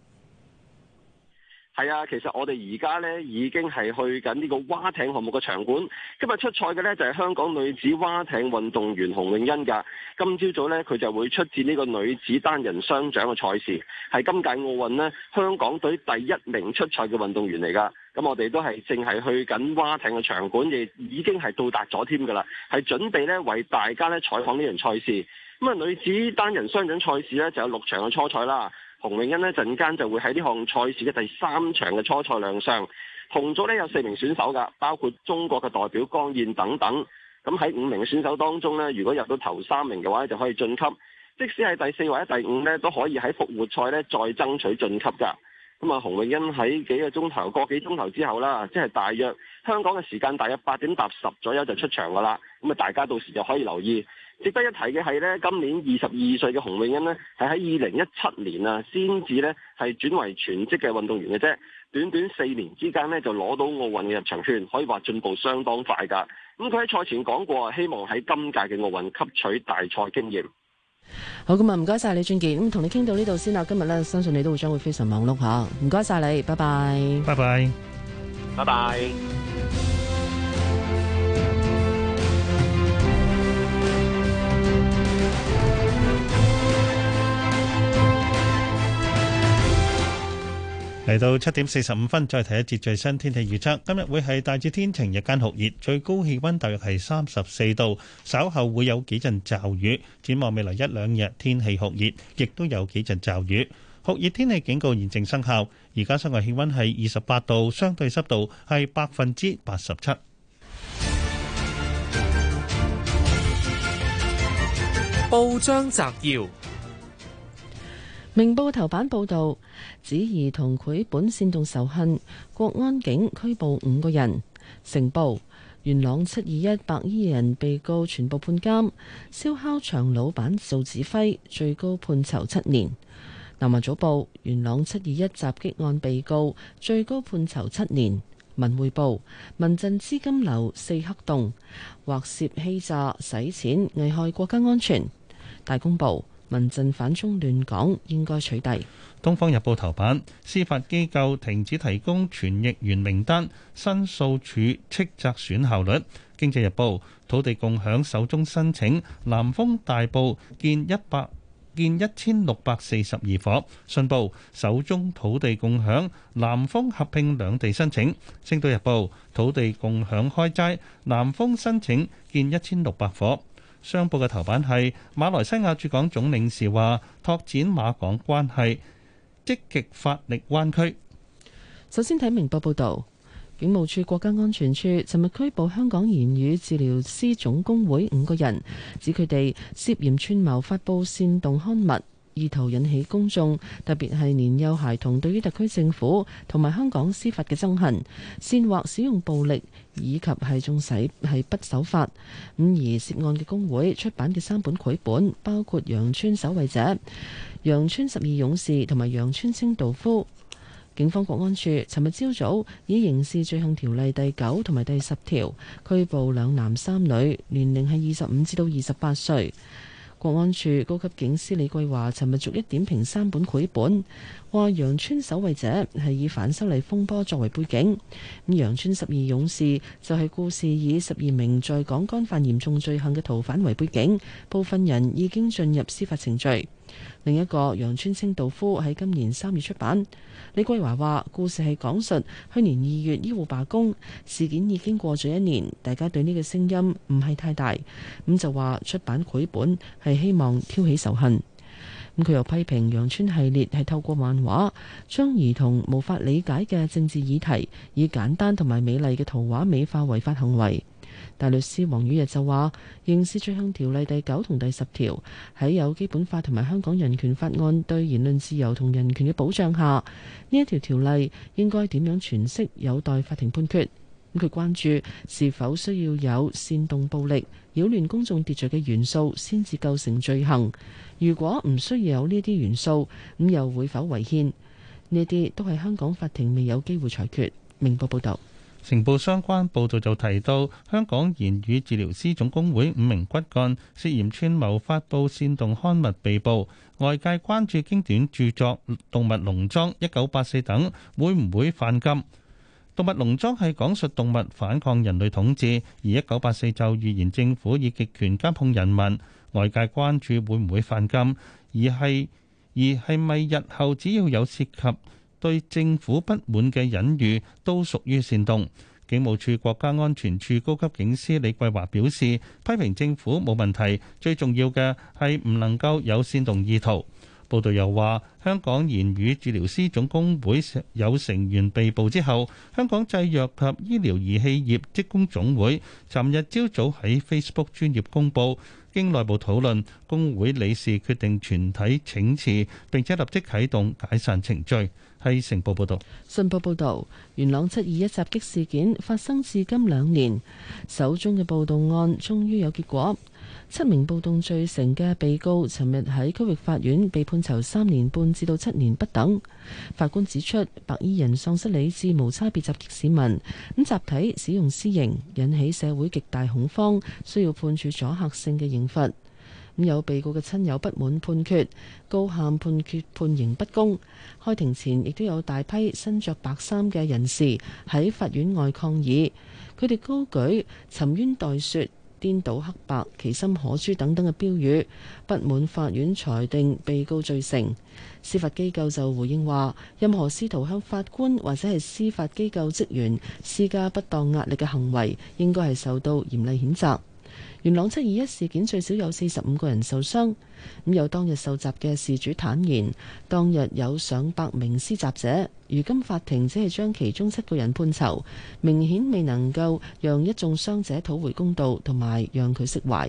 係啊，其實我哋而家呢已經係去緊呢個划艇項目嘅場館。今日出賽嘅呢就係、是、香港女子划艇運動員洪詠欣噶。今朝早呢，佢就會出戰呢個女子單人雙槳嘅賽事，係今屆奧運呢，香港隊第一名出賽嘅運動員嚟噶。咁我哋都係淨係去緊划艇嘅場館，亦已經係到達咗添噶啦，係準備呢為大家呢採訪呢樣賽事。咁啊，女子單人雙槳賽事呢就有六場嘅初賽啦。洪永恩呢陣間就會喺呢項賽事嘅第三場嘅初賽亮相。紅組呢有四名選手噶，包括中國嘅代表江燕等等。咁喺五名嘅選手當中呢，如果入到頭三名嘅話就可以晉級。即使係第四或者第五呢，都可以喺復活賽呢再爭取晉級噶。咁啊，洪永恩喺幾個鐘頭、個幾鐘頭之後啦，即係大約香港嘅時間大約八點搭十左右就出場噶啦。咁啊，大家到時就可以留意。值得一提嘅係呢，今年二十二歲嘅洪永恩呢，係喺二零一七年啊，先至呢係轉為全職嘅運動員嘅啫。短短四年之間呢，就攞到奧運嘅入場券，可以話進步相當快噶。咁佢喺賽前講過，希望喺今屆嘅奧運吸取大賽經驗。好，咁啊，唔該晒李俊傑，咁同你傾到呢度先啦。今日呢，相信你都會將會非常忙碌吓，唔該晒你，拜拜，拜拜，拜拜。嚟到七點四十五分，再睇一節最新天氣預測。今日會係大致天晴，日間酷熱，最高氣溫大約係三十四度。稍後會有幾陣驟雨，展望未來一兩日，天氣酷熱，亦都有幾陣驟雨。酷熱天氣警告現正生效。而家室外氣溫係二十八度，相對濕度係百分之八十七。報章摘要：明報頭版報道。指兒童繪本煽動仇恨，國安警拘捕五個人。成報元朗七二一白衣人被告全部判監，燒烤場老闆做指揮最高判囚七年。南華早報元朗七二一襲擊案被告最高判囚七年。文匯報民陣資金流四黑洞，或涉欺詐洗錢危害國家安全。大公報民陣反中亂港應該取締。《東方日報》頭版：司法機構停止提供傳譯員名單，申訴處斥責損效率。《經濟日報》土地共享手中申請，南豐大埔建一百建一千六百四十二伙。信報手中土地共享，南豐合併兩地申請。《星島日報》土地共享開齋，南豐申請建一千六百伙。商報嘅頭版係馬來西亞駐港總領事話：拓展馬港關係。積極發力灣區。首先睇明報報導，警務處國家安全處尋日拘捕香港言語治療師總工會五個人，指佢哋涉嫌串謀發布煽動刊物，意圖引起公眾，特別係年幼孩童對於特區政府同埋香港司法嘅憎恨，煽惑使用暴力以及係縱使係不守法。咁而涉案嘅工會出版嘅三本繪本，包括《羊村守衛者》。羊村十二勇士同埋羊村清道夫，警方國安處尋日朝早以刑事罪行條例第九同埋第十條拘捕兩男三女，年齡係二十五至到二十八歲。國安處高級警司李桂華尋日逐一點評三本繪本，話羊村守衛者係以反修例風波作為背景，咁羊村十二勇士就係故事以十二名在港干犯嚴重罪行嘅逃犯為背景，部分人已經進入司法程序。另一個羊村清道夫喺今年三月出版。李桂華話，故事係講述去年二月醫護罷工事件，已經過咗一年，大家對呢個聲音唔係太大，咁就話出版繪本係希望挑起仇恨。咁佢又批評羊村系列係透過漫畫將兒童無法理解嘅政治議題，以簡單同埋美麗嘅圖畫美化違法行為。大律師黃宇日就話：刑事罪行條例第九同第十條喺有基本法同埋香港人權法案對言論自由同人權嘅保障下，呢一條條例應該點樣詮釋，有待法庭判決。咁佢關注是否需要有煽動暴力、擾亂公眾秩序嘅元素先至構成罪行。如果唔需要有呢啲元素，咁又會否違憲？呢啲都係香港法庭未有機會裁決。明報報道。情報相關報道就提到，香港言語治療師總工會五名骨幹涉嫌串謀發布煽動刊物被捕，外界關注經典著作動會會《動物農莊》、《一九八四》等會唔會犯禁。《動物農莊》係講述動物反抗人類統治，而《一九八四》就預言政府以極權監控人民。外界關注會唔會犯禁，而係而係咪日後只要有涉及對政府不滿嘅隱喻都屬於煽動。警務處國家安全處高級警司李桂華表示，批評政府冇問題，最重要嘅係唔能夠有煽動意圖。報道又話，香港言語治療師總工會有成員被捕之後，香港製藥及醫療儀器業職工總會尋日朝早喺 Facebook 專頁公佈，經內部討論，工會理事決定全體請辭，並且立即啟動解散程序。係信報報道，元朗七二一襲擊事件發生至今兩年，首宗嘅暴動案終於有結果。七名暴動罪成嘅被告，尋日喺區域法院被判囚三年半至到七年不等。法官指出，白衣人喪失理智，無差別襲擊市民，咁集體使用私刑，引起社會極大恐慌，需要判處阻嚇性嘅刑罰。有被告嘅親友不滿判決，高喊判決判刑不公。開庭前亦都有大批身着白衫嘅人士喺法院外抗議，佢哋高舉“沉冤待雪”、“顛倒黑白”、“其心可誅”等等嘅標語，不滿法院裁定被告罪成。司法機構就回應話，任何試圖向法官或者係司法機構職員施加不當壓力嘅行為，應該係受到嚴厲譴責。元朗七二一事件最少有四十五個人受傷，咁有當日受襲嘅事主坦言，當日有上百名施襲者，如今法庭只係將其中七個人判囚，明顯未能夠讓一眾傷者討回公道同埋讓佢釋懷。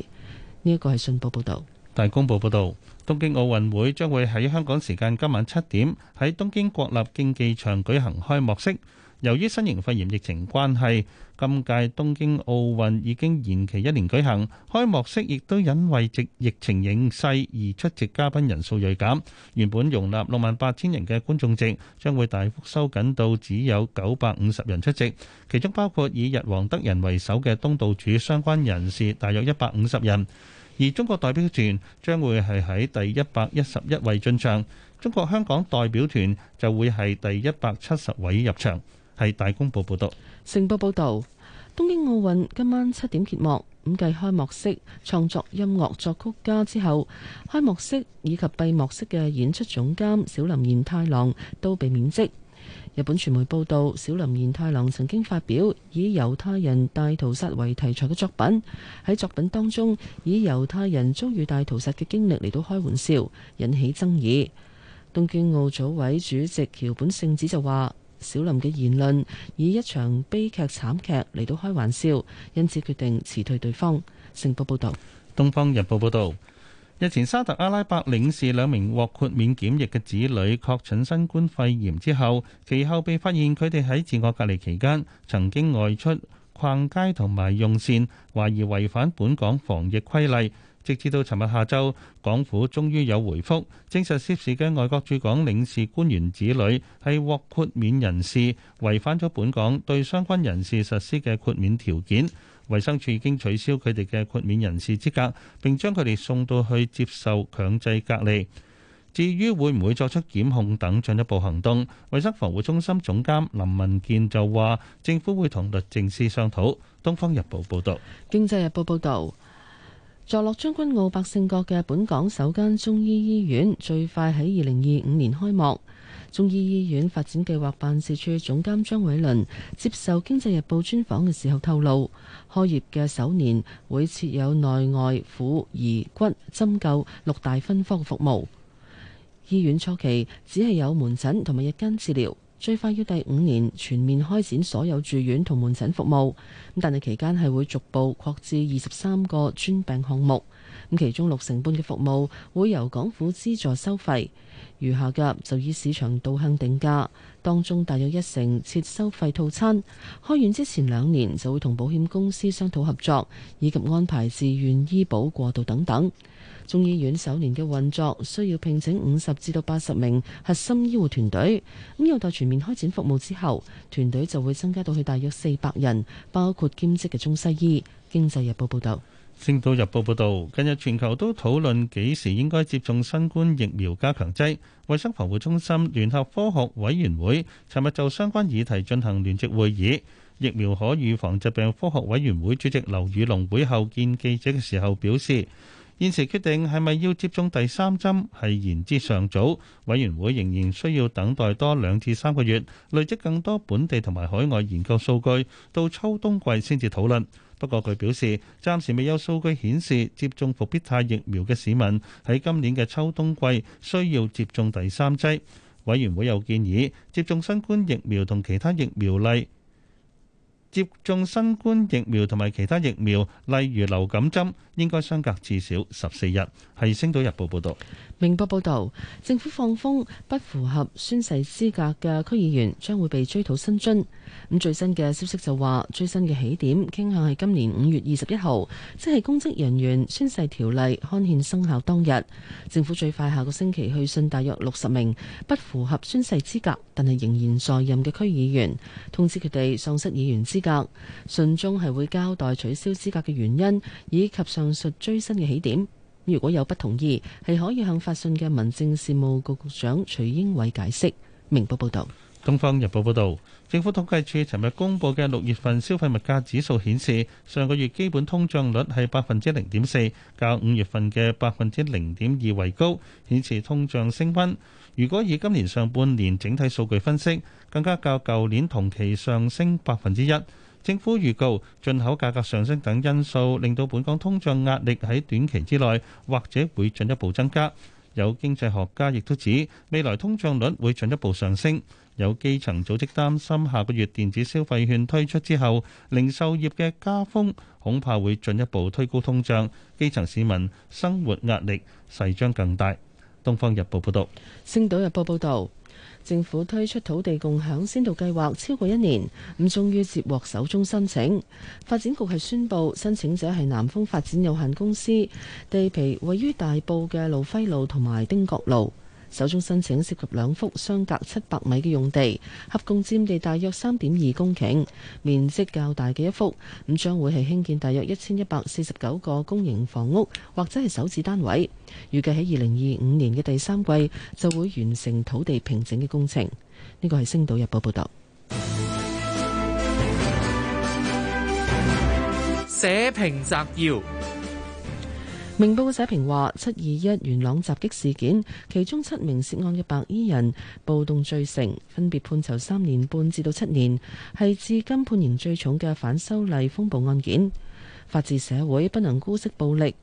呢一個係信報報道。大公報報道，東京奧運會將會喺香港時間今晚七點喺東京國立競技場舉行開幕式。由於新型肺炎疫情關係，今屆東京奧運已經延期一年舉行，開幕式亦都因為疫疫情形勢而出席嘉賓人數銳減。原本容納六萬八千人嘅觀眾席，將會大幅收緊到只有九百五十人出席，其中包括以日皇德仁為首嘅東道主相關人士大約一百五十人，而中國代表團將會係喺第一百一十一位進場，中國香港代表團就會係第一百七十位入場。係大公報報道，成報報道，東京奧運今晚七點揭幕，五繼開幕式創作音樂作曲家之後，開幕式以及閉幕式嘅演出總監小林賢太郎都被免職。日本傳媒報道，小林賢太郎曾經發表以猶太人大屠殺為題材嘅作品，喺作品當中以猶太人遭遇大屠殺嘅經歷嚟到開玩笑，引起爭議。東京奧組委主席橋本聖子就話。小林嘅言論以一場悲劇慘劇嚟到開玩笑，因此決定辭退對方。成報報導，《東方日報》報道：「日前沙特阿拉伯領事兩名獲豁免檢疫嘅子女確診新冠肺炎之後，其後被發現佢哋喺自我隔離期間曾經外出逛街同埋用膳，懷疑違反本港防疫規例。直至到尋日下晝，港府終於有回覆，證實涉事嘅外國駐港領事官員子女係獲豁免人士，違反咗本港對相關人士實施嘅豁免條件。衛生署已經取消佢哋嘅豁免人士資格，並將佢哋送到去接受強制隔離。至於會唔會作出檢控等進一步行動，衞生防護中心總監林文健就話：政府會同律政司商討。《東方日報》報道。《經濟日報》報道。坐落將軍澳百勝閣嘅本港首間中醫醫院最快喺二零二五年開幕。中醫醫院發展計劃辦事處總監張偉麟接受《經濟日報》專訪嘅時候透露，開業嘅首年會設有內外婦兒骨針灸六大分科嘅服務。醫院初期只係有門診同埋日間治療。最快要第五年全面開展所有住院同門診服務，咁但係期間係會逐步擴至二十三個專病項目。咁其中六成半嘅服務會由港府資助收費，餘下嘅就以市場導向定價，當中大約一成設收費套餐。開院之前兩年就會同保險公司商討合作，以及安排自願醫保過渡等等。中醫院首年嘅運作需要聘請五十至到八十名核心醫護團隊。咁有待全面開展服務之後，團隊就會增加到去大約四百人，包括兼職嘅中西醫。《經濟日報》報道。《星島日報》報道，近日全球都討論幾時應該接種新冠疫苗加強劑。衞生防護中心聯合科學委員會尋日就相關議題進行聯席會議，疫苗可預防疾病科學委員會主席劉宇龍會後見記者嘅時候表示。現時決定係咪要接種第三針係言之尚早，委員會仍然需要等待多兩至三個月，累積更多本地同埋海外研究數據，到秋冬季先至討論。不過，佢表示暫時未有數據顯示接種復必泰疫苗嘅市民喺今年嘅秋冬季需要接種第三劑。委員會又建議接種新冠疫苗同其他疫苗例。接種新冠疫苗同埋其他疫苗，例如流感針，應該相隔至少十四日。係星島日報報道，明報報道，政府放風，不符合宣誓資格嘅區議員將會被追討薪津。咁最新嘅消息就話，最新嘅起點傾向係今年五月二十一號，即係公職人員宣誓條例刊憲生效當日。政府最快下個星期去信，大約六十名不符合宣誓資格但係仍然在任嘅區議員，通知佢哋喪失議員資格，信中係會交代取消資格嘅原因，以及上述追新嘅起點。如果有不同意，係可以向發信嘅民政事務局局長徐英偉解釋。明報報道，東方日報報道，政府統計處尋日公布嘅六月份消費物價指數顯示，上個月基本通脹率係百分之零點四，較五月份嘅百分之零點二為高，顯示通脹升溫。如果以今年上半年整體數據分析，更加較舊年同期上升百分之一，政府預告進口價格上升等因素，令到本港通脹壓力喺短期之內或者會進一步增加。有經濟學家亦都指未來通脹率會進一步上升。有基層組織擔心下個月電子消費券推出之後零售業嘅加風恐怕會進一步推高通脹，基層市民生活壓力勢將更大。東方日報報道，星島日報報道，政府推出土地共享先導計劃超過一年，咁終於接獲手中申請。發展局係宣佈，申請者係南豐發展有限公司，地皮位於大埔嘅路輝路同埋丁角路。首宗申請涉及兩幅相隔七百米嘅用地，合共佔地大約三點二公頃，面積較大嘅一幅咁將會係興建大約一千一百四十九個公營房屋或者係首置單位，預計喺二零二五年嘅第三季就會完成土地平整嘅工程。呢個係星島日報報道。社評摘要。明報嘅社評話：七二一元朗襲擊事件，其中七名涉案嘅白衣人暴動罪成，分別判囚三年半至到七年，係至今判刑最重嘅反修例風暴案件。法治社會不能姑息暴力，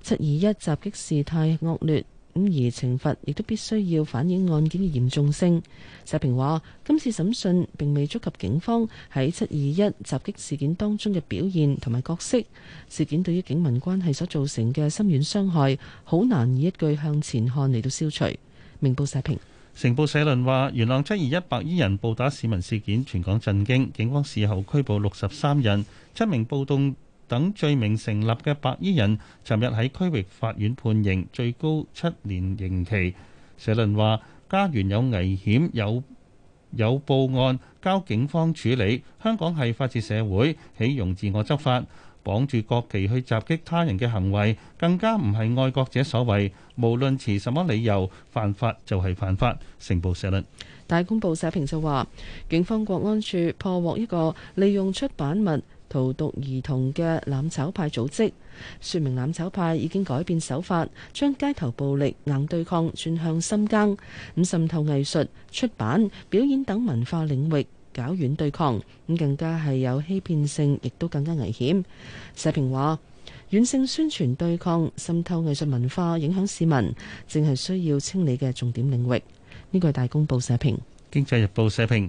七二一襲擊事態惡劣。咁而懲罰亦都必須要反映案件嘅嚴重性。社評話：今次審訊並未觸及警方喺七二一襲擊事件當中嘅表現同埋角色。事件對於警民關係所造成嘅深遠傷害，好難以一句向前看嚟到消除。明報社評，成報社論話：元朗七二一白衣人暴打市民事件，全港震驚，警方事後拘捕六十三人，七名暴動等罪名成立嘅白衣人，尋日喺區域法院判刑，最高七年刑期。社論話：家園有危險，有有報案交警方處理。香港係法治社會豈容自我執法，綁住國旗去襲擊他人嘅行為，更加唔係愛國者所為。無論持什麼理由，犯法就係犯法。成報社論。大公報社評就話：警方國安處破獲一個利用出版物。荼毒兒童嘅攬炒派組織，説明攬炒派已經改變手法，將街頭暴力硬對抗轉向深耕，咁滲透藝術、出版、表演等文化領域搞軟對抗，咁更加係有欺騙性，亦都更加危險。社評話：軟性宣傳對抗，滲透藝術文化，影響市民，正係需要清理嘅重點領域。呢、這個係《大公報》社評，《經濟日報》社評。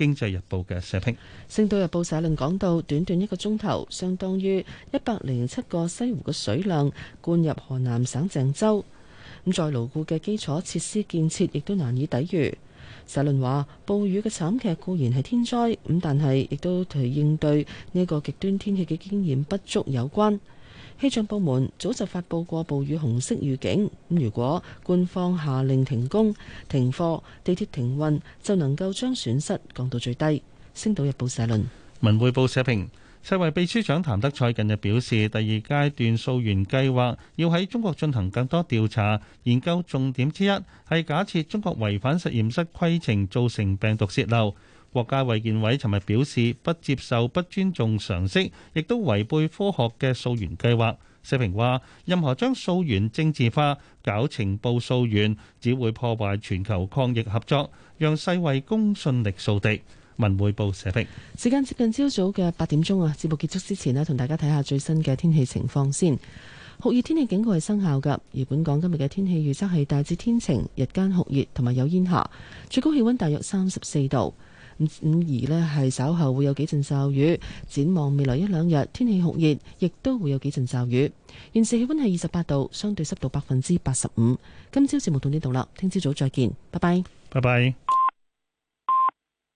《經濟日報》嘅社評，《星島日報》社論講到，短短一個鐘頭，相當於一百零七個西湖嘅水量灌入河南省鄭州。咁再牢固嘅基礎設施建設，亦都難以抵禦。社論話，暴雨嘅慘劇固然係天災，咁但係亦都同應對呢一個極端天氣嘅經驗不足有關。氣象部門早就發佈過暴雨紅色預警，咁如果官方下令停工、停課、地鐵停運，就能夠將損失降到最低。星島日報社論。文匯報社評，世衞秘書長譚德塞近日表示，第二階段溯源計劃要喺中國進行更多調查，研究重點之一係假設中國違反實驗室規程造成病毒泄漏。國家衛健委尋日表示，不接受不尊重常識，亦都違背科學嘅溯源計劃。社評話，任何將溯源政治化、搞情報溯源，只會破壞全球抗疫合作，讓世衛公信力掃地。文匯報社評。時間接近朝早嘅八點鐘啊，節目結束之前咧，同大家睇下最新嘅天氣情況先。酷熱天氣警告係生效噶，而本港今日嘅天氣預測係大致天晴，日間酷熱同埋有煙霞，最高氣溫大約三十四度。五午時呢係稍後會有幾陣驟雨，展望未來一兩日，天氣酷熱，亦都會有幾陣驟雨。現時氣温係二十八度，相對濕度百分之八十五。今朝節目到呢度啦，聽朝早再見，拜拜，拜拜。